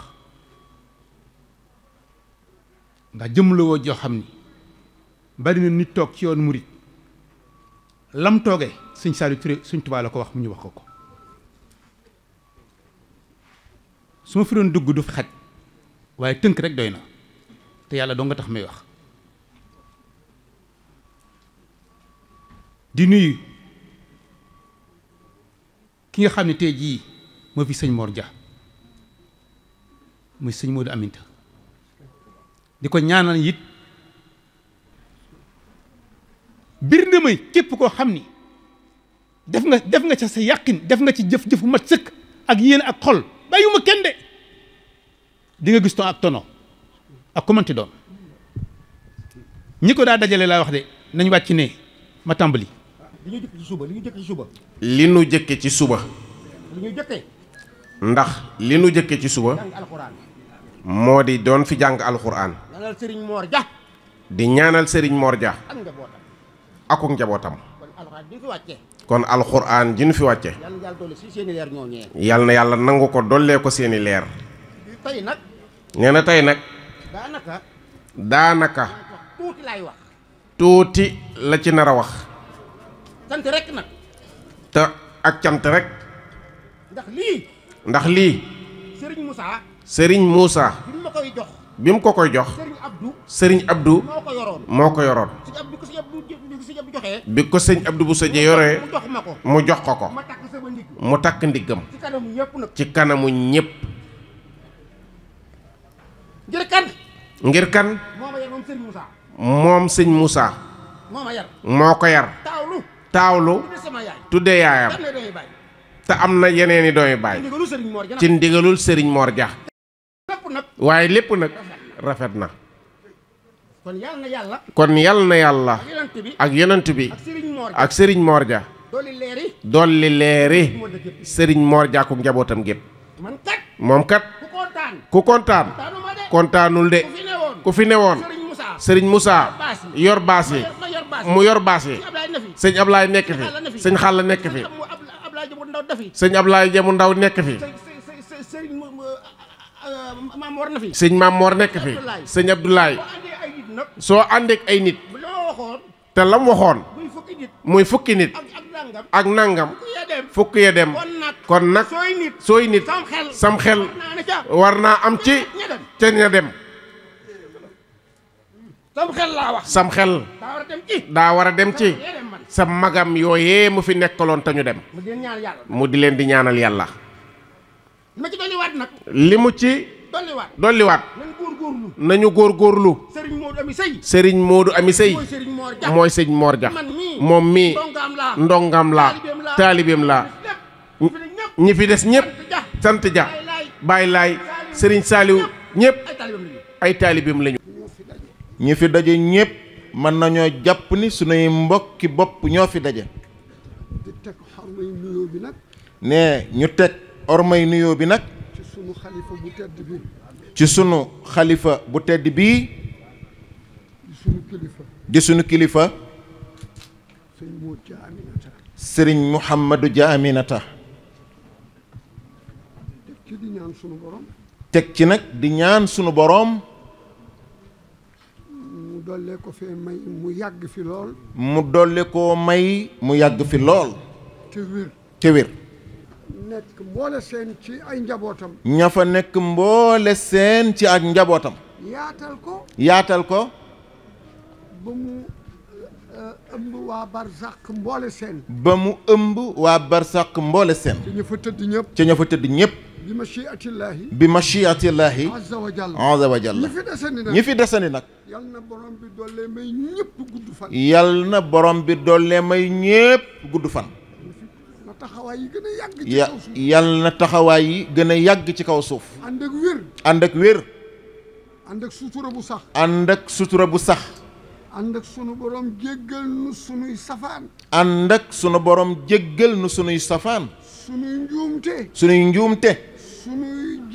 ndax jëm la woo joo xam ni bari na nit toog ci yoon murit lam toogee sëñ Saliou Touré sëñ ko wax mu ñu wax ko ko su ma fi doon dugg du fi xaj waaye tënk rek doy na te yàlla doo nga tax may wax di nuyu ki nga xam ne tey jii moo fi sëñ moor ja muy sëñ Modou Aminta di ko ñaanal it bir na képp koo xam ni def nga def nga ca sa yàqin def nga ci jëf-jëfu mat sëkk ak yéen ak xol bàyyiwuma kenn de di nga gis ton ak tono ak ku doon ñi ko daa dajale laa wax de nañ wàcc ne ma tàmbali. li ñu jëkk suba li ñu jëkk ci suba. li ñu jëkke ci suba. ndax li ñu jëkke ci suba. moo di doon fi jàng alxuraan. di ñaanal Serigne Mor Dia. di ñaanal Serigne Mor Dia. akuk njabootam. kon alxuraan ji nu fi wàcce. yal na yàlla nangu ko dollee ko seeni leer. nee na tey nag. daanaka. tuuti la ci nar a wax. sant rek nag. te ak cant rekk ndax lii. ndax lii. Serigne Moussa. bi mu ko koy jox. sëriñ abdu moo ko yoroon moo ko yoroon. bi ko sëñ Abdou Bousso Dieng yoree mu jox ko ko mu takk ndiggam ci kanamu ñépp ngir kan ngir kan moom sëñ Moussa moo ko yar taawlu tudde yaayam te am na yeneeni doomi baay ci ndigalul sëriñ Mor Dia waaye lépp nag rafet na kon yal na yàlla. na yàlla. ak yonent bi ak Serigne Mor Dia. dolli leeri ku njabootam gépp moom kat ku kontaan kontaanul de ku fi newoon Serigne Moussa yor baas yi mu yor baas yi sëñ Ablaye nekk fi sëñ Xalla nekk fi sëñ Ablaye Jamu Ndaw nekk fi sëñ Maam Mor nekk fi sëñ Abdoulaye soo àndeek ay nit te lam waxoon muy fukki nit ak nangam fukki ya dem kon nag sooy nit sam xel war naa am ci ca ña dem sam xel daa war a dem ci sa magam yooyee mu fi nekkaloon tañu ñu dem mu di leen di ñaanal yàlla li mu ci dolliwaat dolliwaat nañu góorgóorlu sëriñ Modou Ami Sey mooy sëriñ moor Dia moom mii ndongam laa taalibeem laa ñi fi des ñëpp sant ja bàyyi laay sëriñ saaliw ñëpp ay taalibeem lañu ñi fi daje ñëpp mën nañoo jàpp ni sunuy mbokki bopp ñoo fi daje ne ñu teg ormay nuyoo bi nag sunu xalifa bu tedd bi ci sunu xalifa bu tedd bii di sunu kilifa di sunu kilifa sëriñ Mouhamadou Dia teg ci nag di ñaan sunu boroom mu dolli ko fee may mu yàgg fi lool mu dolli koo may mu yàgg fi lool nekk mboole seen ci ay njabootam. ña fa nekk mboole seen ci ak njabootam. yaatal ko. yaatal ko. ba mu eh, ëmb waa Barzak mboole seen. ba mu ëmb waa Barzak mboole seen. ca ña fa tëdd ñëpp. ca ña fa tëdd ñëpp. bi machiatillahi. bi machiatillahi. azza wa jalla. azza wa jalla. ñi fi desandi nag ñi fi desandi nag. yal na borom bi doole may ñëpp gudd fan. yal na borom bi doole may ñëpp gudd fan. taxawaay na taxawaay yi gën a yàgg ci kaw suuf. ànd ak wér. ànd ak bu sax. ànd sutura bu sax. ànd sunu borom jéggal nu sunuy safaan. ànd sunu borom jéggal nu sunuy safaan. sunuy njuumte. sunuy njuumte.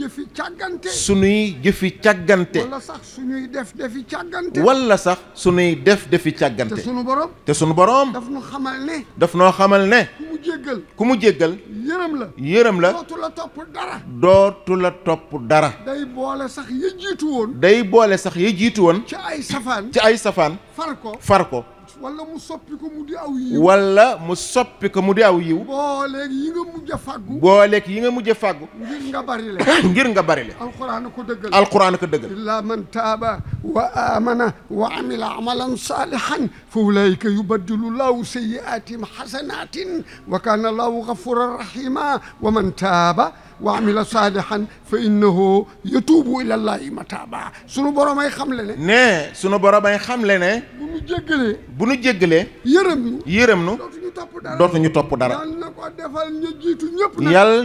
jëfi càggante. sunuy jëfi càggante. wala sax sunuy def defi càggante. wala sax sunuy def defi càggante. te sunu borom. te sunu borom. daf nu xamal ne. daf noo xamal ne. ku mu jéggal. ku mu jéggal. yërëm la. yërëm la. dootu la topp dara. dootu la topp dara. day boole sax ya jiitu woon. day boole sax ya jiitu woon. ci ay safaan. ci ay safaan. far ko far ko. wala mu soppi ko mu di aw yiw. wala mu soppi ko mu di aw yiw. booleeg yi nga mujj a fàggu. booleeg yi nga mujj a fàggu. ngir nga bari le. ngir nga bari le. alquran ko dëggal. alquran ko dëggal. illa man taaba wa amana wa amila amalan salihan fa ulaika yubaddilu llahu sayyiatihim hasanatin wa kana llahu gafuran rahima wa man taaba. wa amila saalihan fa innahu yatuubu ilallaahi mataaba sunu borom ay xamle ne. nee sunu borom ay xamle ne. bu nu jéggalee. bu nu jéggalee. yërëm nu yërëm nu. dootuñu topp dara topp dara. yal na ko defal ñu jiitu ñëpp.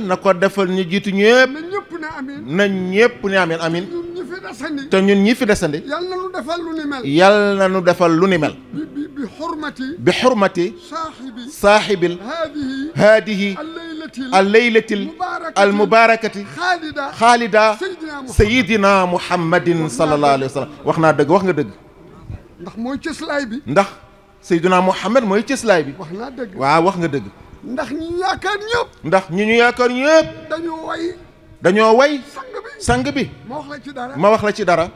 na ko defal ñu jiitu na ñëpp ne amin na ñëpp ne amin amin. te ñun ñi fi desandi. yal na nu defal lu ni mel. yal na nu defal lu ni mel. bi bi bi xurmati. saaxibil. haadihi alleylatil almubarakati xaalida sayidina muhammadin sallallahu alayhi wa sallam wax naa dëgg wax nga dëgg ndax mooy cëslaay bi ndax sayidina muhammad mooy cëslaay bi wax naa dëgg waaw wax nga dëgg ndax ñi ñu yaakaar ñëpp ndax ñi ñu yaakaar ñëpp dañoo way dañoo way sang bi sang bi ci dara ma wax la ci dara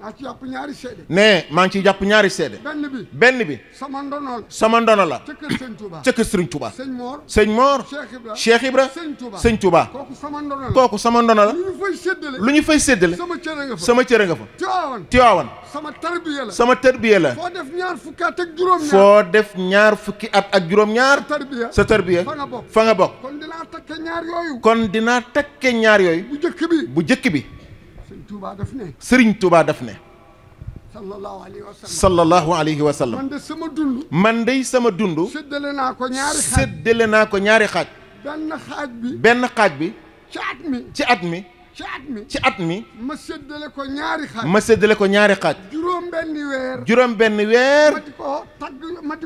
maa ngi ciy jàpp ñaari seede. maa ngi ciy jàpp ñaari seede. benn bi benn bi. sama ndono la. sama ndono la. kër Sëñ Touba. ca kër Sëñ Touba. Sëñ Mor. Sëñ Mor. Cheikh Ibra. Cheikh Sëñ Touba. Sëñ kooku sama ndono la. sama ndono la. lu ñu fay séddale. lu sama cëre nga fa. sama cëre nga fa. Tiwaawan. Tiwaawan. sama tarbiya la. sama tarbiya la. foo def ñaar fukki at ak juróom-ñaar. def ñaar fukki at ak juróom-ñaar. sa tarbiya. sa tarbiya fa nga bokk. fa nga bokk. kon dinaa takke ñaar yooyu. kon dinaa takke ñaar yooyu. bu jëkk bu jëkk bi. Touba daf ne. Serigne Touba daf ne. sallallahu alayhi wa sallam. sallallahu alayhi wa sallam. man de sama dund. man de sama dund. séddale naa ko ñaari xaaj séddale naa ko ñaari xaaj. benn xaaj bi benn xaaj bi. ci at mi ci at mi. ci at mi ci at mi. ma séddale ko ñaari xaaj. ma séddale ko ñaari xaaj. juróom benni weer. juróom benni weer. ma di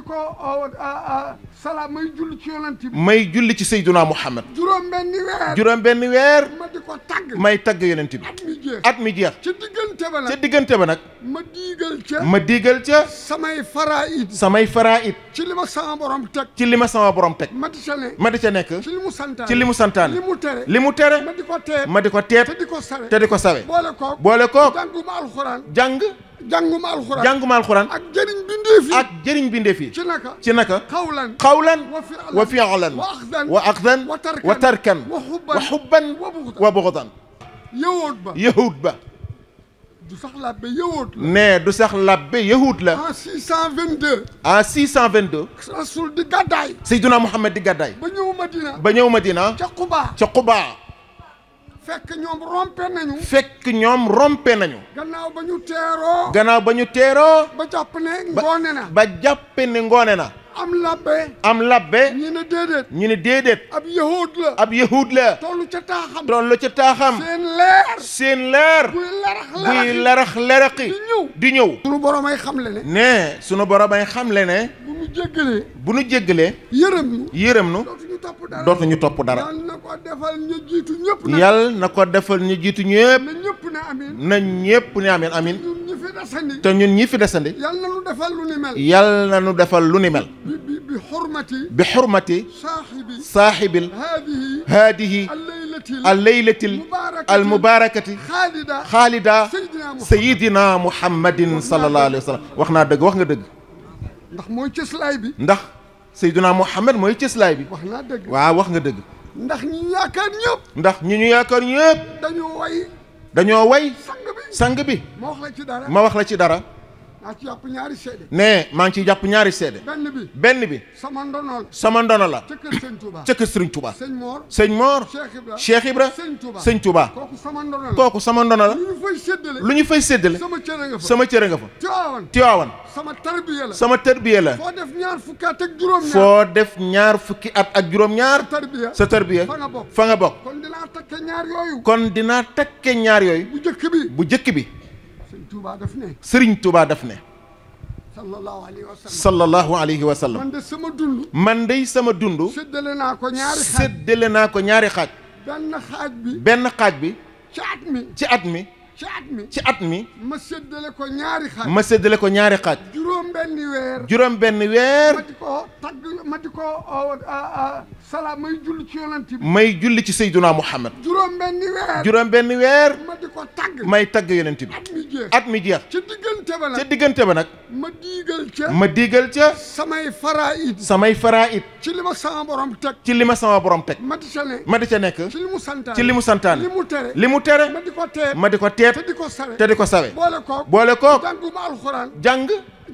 ko ma di may julli ci yonent bi. may julli ci Seydina Muhammad. juróom benni weer. ma di may tagg yonent bi. at mi jeex at diggante ba nag ma diigal ca. ma diigal ca. samay faraid. samay faraid. ci li ma sama borom teg. ci li ma sama borom teg. ma di ca nekk. ma di ca ci li mu santaane. mu li mu tere. li tere. ma ko tee. seet te di ko sawe te ko sawe boole kook boole kook alxuraan jàng jànguma alxuraan ak jëriñ bindee fi ak jëriñ bindee fi ci naka ci naka xawlan xawlan wa fi'lan wa aqdan wa tarkan wa xubban wa buxdan yahud ba yahud ba nee du sax labbe yahut la. en Muhammad di gàddaay. ba ñëw Madina. ca Quba. fekk ñoom rompe nañu. fekk ñoom rompe nañu. gannaaw ba ñu teeroo. gannaaw ba ñu teeroo. ba jàpp ne ngoone na. ba jàpp ne ngoone na. am labbe am labbe ñu ne ñu ne déedéet ab yahud ab yahud la tollu ca taaxam tollu ca taaxam seen leer seen leer buy larax leraqi di ñëw di ñëw sunu borom ay xamle ne ne sunu borom ay xamle ne bu nu jéggalee bu nu jéggalee yërëm nu yërëm nu dootuñu topp dara yal na ko defal ñu jiitu ñëpp na ko defal jiitu ñëpp na ñëpp ne amin na ñëpp ne amin amin te ñun ñi fi desandi. yal na nu defal lu ni mel. yal na nu defal lu ni mel. bi xurmati. bi xurmati. saaxibi. saaxibil. haadihi. allaylatil. almubaarakati. xaalida. xaalida. sayidina muhammadin sallallahu alayhi wa sallam wax naa dëgg wax nga dëgg. mooy cëslaay bi. ndax sayidina muhammad mooy cëslaay bi. wax naa dëgg wax nga dëgg. dañoo way sang bi ma wax la ci dara maa ngi ciy jàpp ñaari seede. nee maa ngi ciy jàpp ñaari seede. benn bi sama ndono la. sama ndono la. kër Sëñ Touba. ca kër Sëñ Touba. Sëñ Mor. Sëñ Mor. Cheikh Ibra. Cheikh Ibra. Sëñ Touba. kooku sama ndono la. sama ndono la. lu ñu fay séddale. lu sama cëre nga fa. sama cëre nga fa. Tiwaawan. Tiwaawan. sama tarbiya la. sama tarbiya la. foo def ñaar fukki at ak juróom-ñaar. def ñaar fukki at ak juróom sa tarbiya. sa tarbiya fa nga bokk. fa nga bokk. kon dinaa takke ñaar yooyu. kon dinaa takke ñaar yooyu. bu jëkk bi bu jëkk bi. Touba daf ne. Serigne Touba daf ne. sallallahu alayhi wa sallam. sallallahu alayhi wa sallam. man de sama dund. man de sama dund. séddale naa ko ñaari xaaj séddale naa ko ñaari xaaj. benn xaaj bi. benn xaaj bi. ci at mi ci at mi. ci at mi ci at mi. ma séddale ko ñaari xaaj. ma séddale ko ñaari xaaj. juróom benni weer. juróom benni weer. ma di ko tagg ma di ko salaam may julli ci yonent bi. may julli ci Seyduna Muhammad. juróom benni weer. juróom benni weer. ma di ko tagg. may tagg yonent bi. at mi jeex ca diggante ba nag diggante ba nag ma diigal ca ma diigal ca samay faraid samay faraid ci li ma sama borom teg ci li ma sama borom teg ma di ca nekk ma di ca nekk ci li mu santaane li mu santaane li mu tere li mu tere ma di ko teet ma di ko teet te di ko sawe te ko sawe boole kook boole kook jànguma alxuraan jàng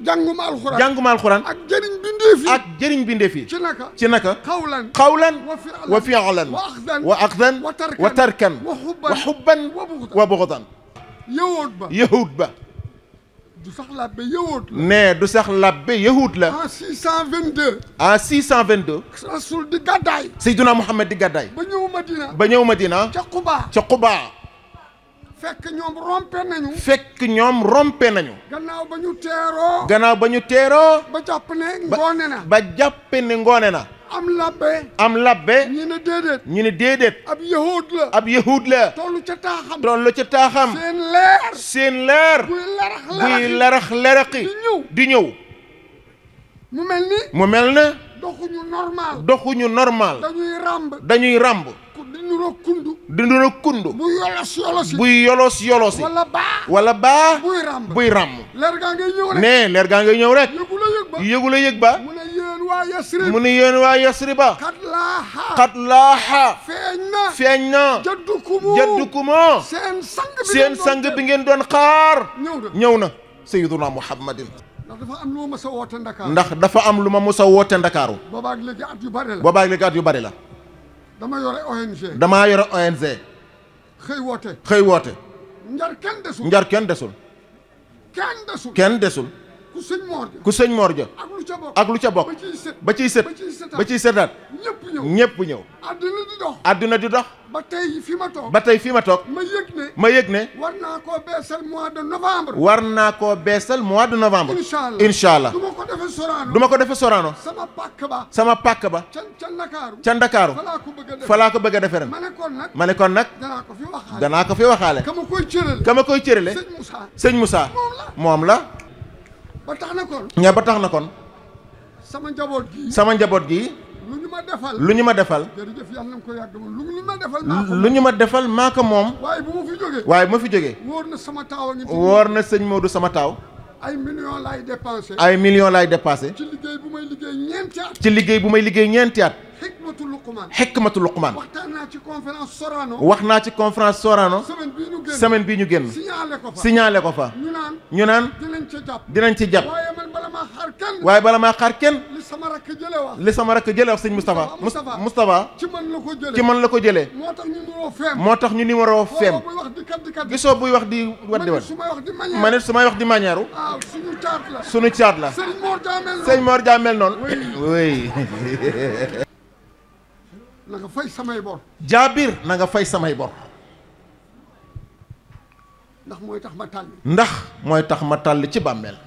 jànguma alxuraan jànguma alxuraan ak jëriñ bindeef yi ak jëriñ bindeef yi ci naka ci naka xawlan xawlan wa fi'lan wa axdan wa axdan wa tarkan wa tarkan wa xubban wa xubban wa yahut ba yahut ba. du sax labbe yahut la. nee du sax labbe yahut la. en 622. en 622. rasul di gàddaay. Seydina Mohamed di gàddaay. ba ñëw Madina. ba ñëw Madina. ca Quba ca Quba. fekk ñoom rompe nañu. fekk ñoom rompe nañu. gannaaw ba ñu teeroo. gannaaw ba ñu teeroo. ba jàpp ne ngoone na. ba jàpp ne ngoone na. am labbe. am labbe. ñu ñu ne déedéet. ab yahuud la. ab tollu ca taaxam. tollu ca taaxam. seen leer. seen leer. buy larax leraqi di ñëw mu mel ni. mu mel na. doxuñu normal. doxuñu normal. dañuy ràmb. dañuy ràmb. nuroo kundu. di nuroo kundu. buy yolos yolosi. buy yolos yolosi. wala baa. wala baa. buy ràmm buy ràmm. leer gaa ngay ñëw rek. nee leer gaa ngay ñëw rek. yëgu la yëg ba yëgu la yëg ba. mu ne yéen waa Yasrib. mu ne yéen waa Yasriba. xat laaxa. xat laaxa. feeñ na. feeñ na. jaddukumu jaddukumu. seen sang bi seen sang bi ngeen doon xaar. ñëw na ñëw na Sayyiduna Muhammadin. ndax dafa am lu ma mos a woote Ndakaaru. ndax dafa am lu ma mos a woote Ndakaaru. boobaag léegi at yu bari la. boobaag léegi at yu bari la. dama yore ONG. damaa yore ONG. xëy woote. xëy woote. njar kenn desul. njar kenn desul. kenn desul. kenn desul. ku sëñ Mor ja. ku sëñ Mor ja. ak lu ca bokk ak lu ca ba ciy sët ba ciy sët. sëtaat. ñëw ñëpp ñëw. adduna di dox. adduna di dox. ba tey fi ma toog. ba tey fi ma toog. ma yëg ne. ma yëg ne. war naa koo beesal mois de novembre. war naa koo beesal mois de novembre. incha allah incha allah. du ma ko defee Sorano. du sama pàkk ba. sama pàkk ba. ca Ndakaaru. ca ko bëgg a laa ko bëgg a defee ren. ma ne kon nag. ma ne kon nag. danaa ko fi waxaale. danaa ko ka ma koy cërale. ka ma koy cërale. sëñ musa sëñ moom la. ba tax na kon. ña ba tax na kon. sama njaboot gi. sama njaboot gi. ñu ma lu ñu ma defal jërëjëf yàlla ko yàgg moom lu ñu ma defal lu moom waaye bu ma fi jógee waaye wóor na sama taaw a ngi wóor na sëñ Modou sama taaw ay millions laay dépensé ay millions laay dépensé ci liggéey bu may liggéey ñeenti ci liggéey bu may liggéey ñeenti xikmatu luqmaan xikmatu luqmaan waxtaan naa ci conférence Sorano wax naa ci conférence Sorano semaine bii ñu génn semaine bii ñu génn ko fa ñu naan ñu naan dinañ ci jàpp dinañ ci jàpp waaye man bala maa xaar kenn waaye bala maa xaar kenn li sama rakk jëlee wax li sama rakk jëlee wax sëñ Moustapha Moustapha ci man la ko jëlee moo tax ñu numéro feem moo tax ñu numéro feem gisoo buy wax di waddi wad ma ne su may wax di manière waaw ah, suñu caat la suñu caat la sëñ noonu oui na nga fay samay bor. jaabir na nga fay samay bor. ndax mooy tax ma tàlli. ndax mooy tax ma tàlli ci bàmmeel.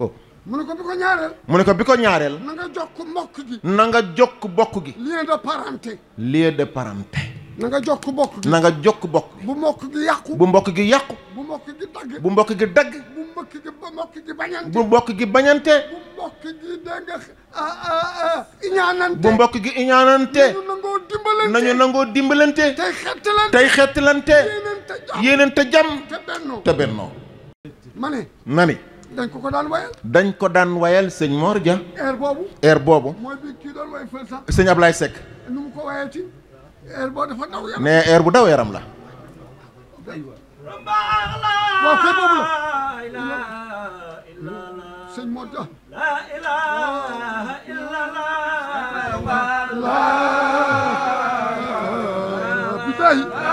oh. mu ne ko bi ko ñaareel. mu ne ko bi ko ñaareel. na nga jokk mbokk gi. nanga nga jokk bokk gi. lien de parenté. lien de parenté. na nga jokk bokk gi. na nga bokk bu mbokk gi yàqu. bu mbokk gi yàqu. bu mbokk gi dagg. bu mbokk gi dagg. mbokk gi ba mbokk gi bañante. bu mbokk gi bañante. Ah, ah, ah. iñaanante bu mbokk gi iñaanante nañu nangoo dimbalante tey xettalante tey xettalante yéenante jàmm te bennoo ma ne na ni dañ ko ko daan wayal dañ ko daan wayal sëñ Mor Dia air boobu air boobu mooy bi kii doon way fël sëñ Ablaye Seck nu bu daw la sëñ moo tax la ilaha illallah la billahi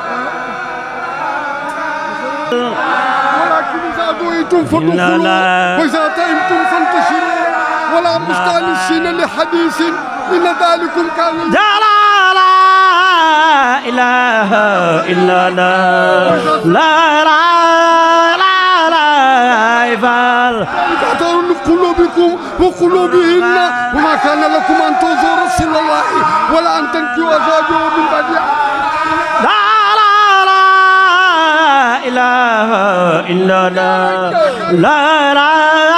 ولكن إذا دعيتم فادخلوا وإذا تئمتم فانتشروا ولا مستأنسين لحديث إن ذلكم كان لا إله إلا الله لا لا لا لا لا قلوبهن وما كان لكم أن تؤذوا رسول الله ولا أن تنكحوا أزواجه من بعد لا لا لا إله إلا الله لا لا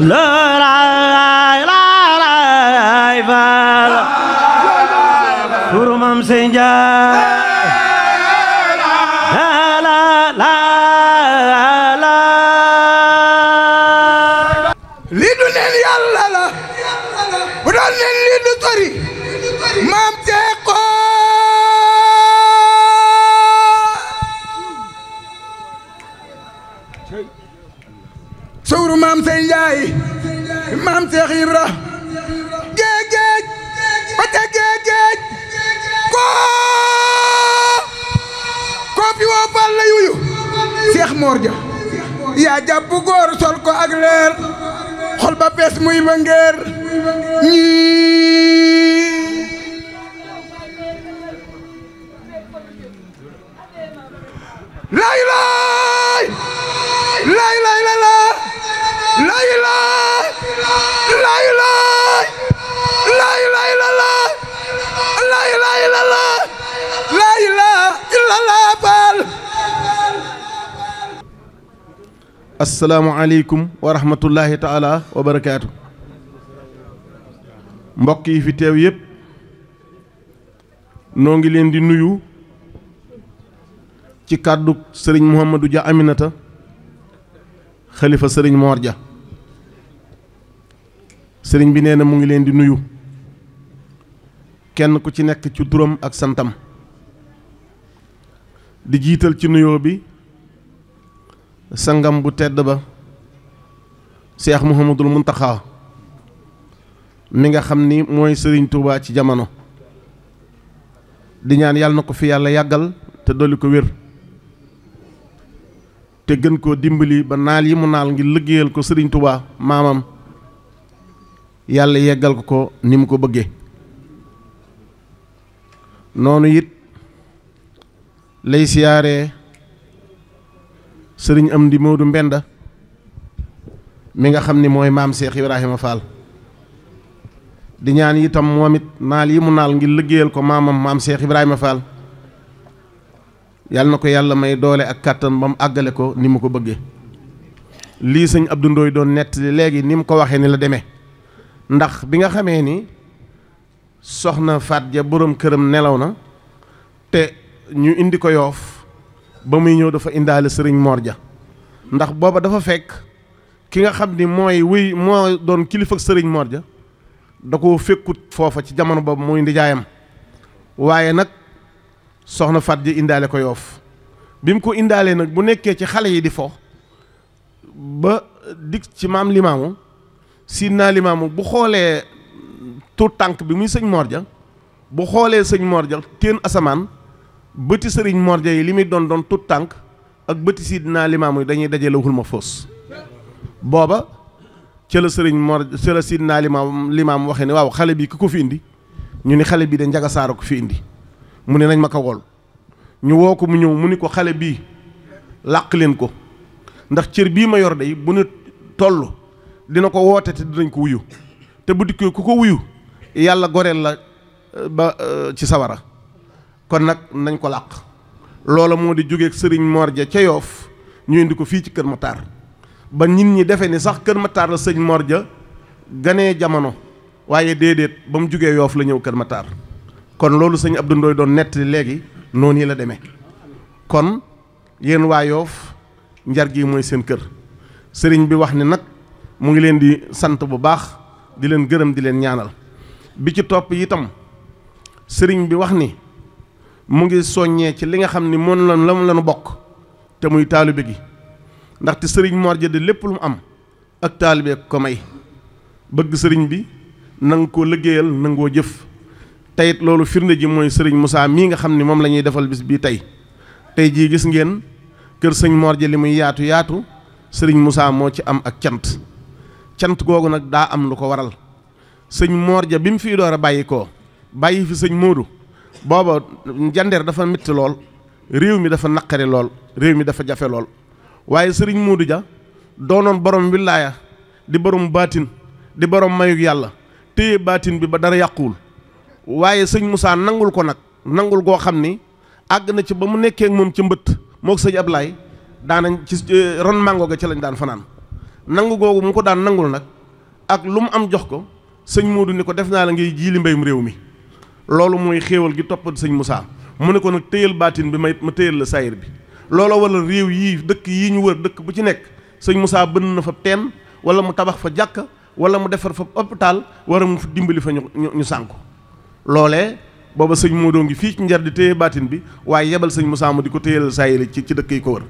la Sëriñ Njaay maam Seex Ibra géej géej ba ca géej koo koo fi woo bal la yuyu Seex Moor yaa jàpp góor sol ko ak leer xol ba bees muy ba asalaamualeykum wa rahmatullahi taala wa barakaatu mbokk yi fi teew yépp noo ngi leen di nuyu ci kàddu sëriñ Mouhamadou Dia Aminata xalifa sëriñ Mor ja sëriñ bi nee na mu ngi leen di nuyu kenn ku ci nekk ci turam ak santam di jiital ci nuyoo bi sangam bu tedd ba seex muhammadul muntaxa mi nga xam ni mooy sëriñ tuubaa ci jamono di ñaan yàlla na ko fi yàlla yàggal te dolli ko wér te gën koo dimbali ba naal yi mu naal ngir liggéeyal ko sëriñ tuubaa maamam yàlla yeggal ko ni mu ko bëggee noonu it lay siyaaree sëriñ am di Modou Mbenda mi nga xam ni mooy maam Cheikh Ibrahima Fall di ñaan itam moom it naal yi mu naal ngir liggéeyal ko maamam maam Cheikh Ibrahima Fall yàlla na ko yàlla may doole ak kàttan ba mu àggale ko ni mu ko bëgge lii sëñ ab Ndoye doon nettali léegi ni mu ko waxee ni la demee ndax bi nga xamee ni soxna Faat ja boroom këram nelaw na te ñu indi ko yoof ba muy ñëw dafa indaale sëriñ Mor Dia ndax booba dafa fekk ki nga xam ni mooy wuy moo doon kilifa ak sëriñ Mor ja da koo fekkut foofa ci jamono boobu muy ndijaayam waaye nag soxna Fat Dia indaale ko yoof bi mu ko indaalee nag bu nekkee ci xale yi di foo ba dig ci maam limaamu siin naa limaamu bu xoolee tuut tànk bi muy sëñ moor Dia bu xoolee sëñ moor ja teen asamaan bëtti sëriñ morja yi li muy doon doon tut tànk ak bëti sidina limaamu yi dañuy daje ma mahfuus booba ca la sëriñ mor ca la sidina limaam limaam waxee ne waaw xale bi ki ko fi indi ñu ni xale bi de njaga saara ko fi indi mu ne nañ ma ko wol ñu woo ko mu ñëw mu ni ko xale bii làq leen ko ndax cër bii ma yor day bu ne toll dina ko woote te dinañ ko wuyu te bu dikkee ku ko wuyu yàlla goreel la eh, ba eh, ci sawara kon nag nañ ko làq loola moo di jógeeg sëriñ moor ja ca Yoof ñu indi ko fii ci Kër Matar ba nit ñi defee ni sax Kër Matar la sëñ moor ja ganee jamono waaye déedéet ba mu jógee Yoof la ñëw Kër taar kon loolu sëñ ab Ndoye doon nettali léegi noonu yi la demee kon yéen waa Yoof njar gi mooy seen kër sëriñ bi wax ni nag mu ngi leen di sant bu baax di leen gërëm di leen ñaanal bi ci topp itam sëriñ bi wax ni mu ngi soññee ci li nga xam ni moom la la mu lanu bokk te muy taalibe gi ndaxte sëriñ Mor Dia de lépp lu mu am ak taalibe ko may bëgg sëriñ bi nanga koo liggéeyal nangoo jëf tey loolu firnde ji mooy sëriñ Moussa mii nga xam ni moom la ñuy defal bis bii tey tey jii gis ngeen kër sëñ Mor Dia li muy yaatu yaatu sëriñ Moussa moo ci am ak cant cant googu nag daa am lu ko waral sëñ Mor Dia bi mu fiy door a bàyyi koo bàyyi fi sëñ Modou. booba jandeer dafa métti lool réew mi dafa naqari lool réew mi dafa jafe lool waaye sëriñ Modou ja doonoon borom wilaaya di borom baatin di borom mayug yàlla téye baatin bi ba dara yàquwul waaye sëñ Moussa nangul ko nag nangul goo xam ni àgg na ci ba mu nekkee moom ca mbëtt moo sëñ Ablaye daanañ ci eh, ron màngo ga ci lañ daan fanaan nangu googu mu ko daan nangul nag ak lu mu am jox ko sëñ Modou ni ko def naa la ngay jiili mbéyum réew mi. loolu mooy xéewal gi toppat sëñ Moussa mu ne ko nag téyal baatin bi may ma téyal la saayir bi looloo wala réew yii dëkk yii ñu wër dëkk bu ci nekk sëñ Moussa bënn na fa teen wala mu tabax fa jàkka wala mu defar fa hôpital wara mu dimbali fa ñu ñu sànku loole booba sëñ Modou ngi fii ci njar di téye baatin bi waaye yebal sëñ Moussa mu di ko téyal saayir ci ci dëkk yi ko wër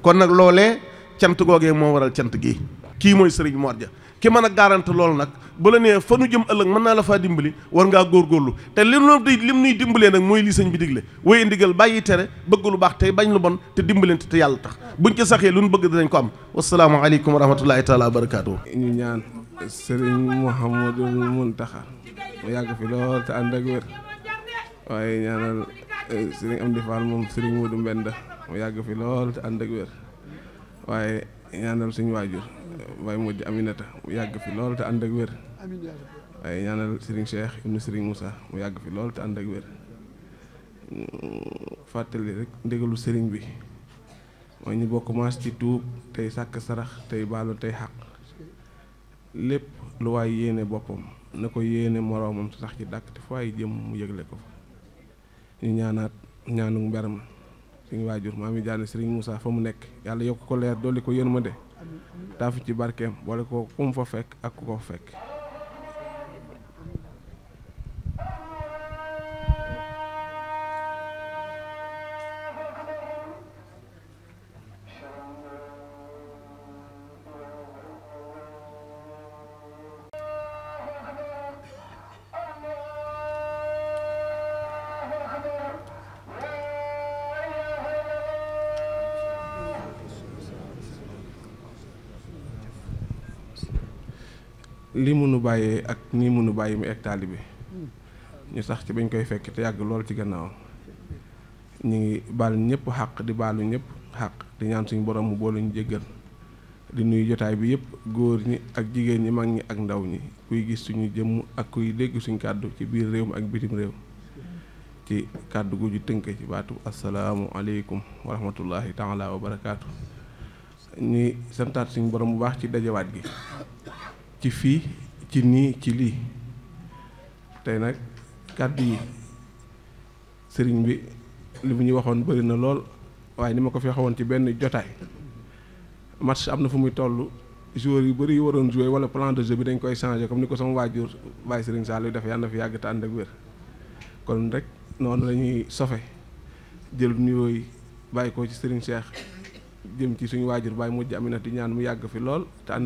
kon nag loole cant googee moo waral cant gi kii mooy sëriñ Mor Ja ki mën a garante loolu nag bu la nee fa nu jëm ëllëg mën naa la faa dimbali war ngaa góorgóorlu te li mu di lim nuy dimbalee nag mooy lii sëñ bi digle wéye ndigal bàyyi tere bëgg lu baax tey bañ lu bon te dimbalante te yàlla tax buñ ci saxee lu nu bëgg dinañ ko am wasalaamaaleykum wa rahmatullahi taala wa barakaatu ñu ñaan sëriñ Mouhamadul Muntaxa mu yàgg fi lool te ànd ak wér waaye ñaanal eh, sëriñ Amdi Fall moom sëriñ Moodu Mbenda mu yàgg fi lool te ñaanal suñu waajur waaye moo di Aminata mu yàgg fi lool te ànd ak wér waaye ñaanal Serigne Cheikh ibnu Serigne Moussa mu yàgg fi lool te ànd ak wér mm, fàttali rek ndégalu sëriñ bi mooy ñu bokk maas ci tuub tey sàkk sarax tey baalu tey xaq lépp lu waay yéene boppam na ko yéene moroomam sax ci dàkk te fu waay jëm mu yëgle ko fa ñu ñaanaat ñaanu mber ma suñu waajur maam yi jaane Serigne Moussa fa mu nekk yàlla yokk ko leer dooli ko ma yërmande taafu ci barkeem boole ko ku mu fa fekk ak ku ko fa fekk nu ak nii mënu bàyyi mu ak bi ñu sax ci bañ koy fekk te yàgg lool ci gannaaw ñu ngi baal ñëpp xàq di baalu ñëpp xàq di ñaan suñu borom mu boole ñu jéggal di nuyu jotaay bi yëpp góor ñi ak jigéen ñi mag ñi ak ndaw ñi kuy gis suñu jëmm ak kuy dégg suñu kàddu ci biir réew mi ak bitim réew ci kàddu gu ju tënk ci baatu assalaamu aleykum wa rahmatullahi taala wa barakaatu ñuy santaat suñu borom bu baax ci dajawaat gi ci fii ci nii ci lii tey nag kàddu yi sëriñ bi li mu ñu waxoon bëri na lool waaye ni ma ko fi waxoon ci benn jotaay match am na fu muy toll joueurs yu bëri yu waroon jouer wala plan de jeu bi dañ koy changé comme ni ko sama waajur Baye Serigne Saliou def yàlla na fi yàgg te ànd ak wér kon rek noonu lañuy sofe jël nuyoo yi bàyyi ko ci sëriñ Cheikh jëm ci suñu waajur Baye mujj Aminat di ñaan mu yàgg fi lool te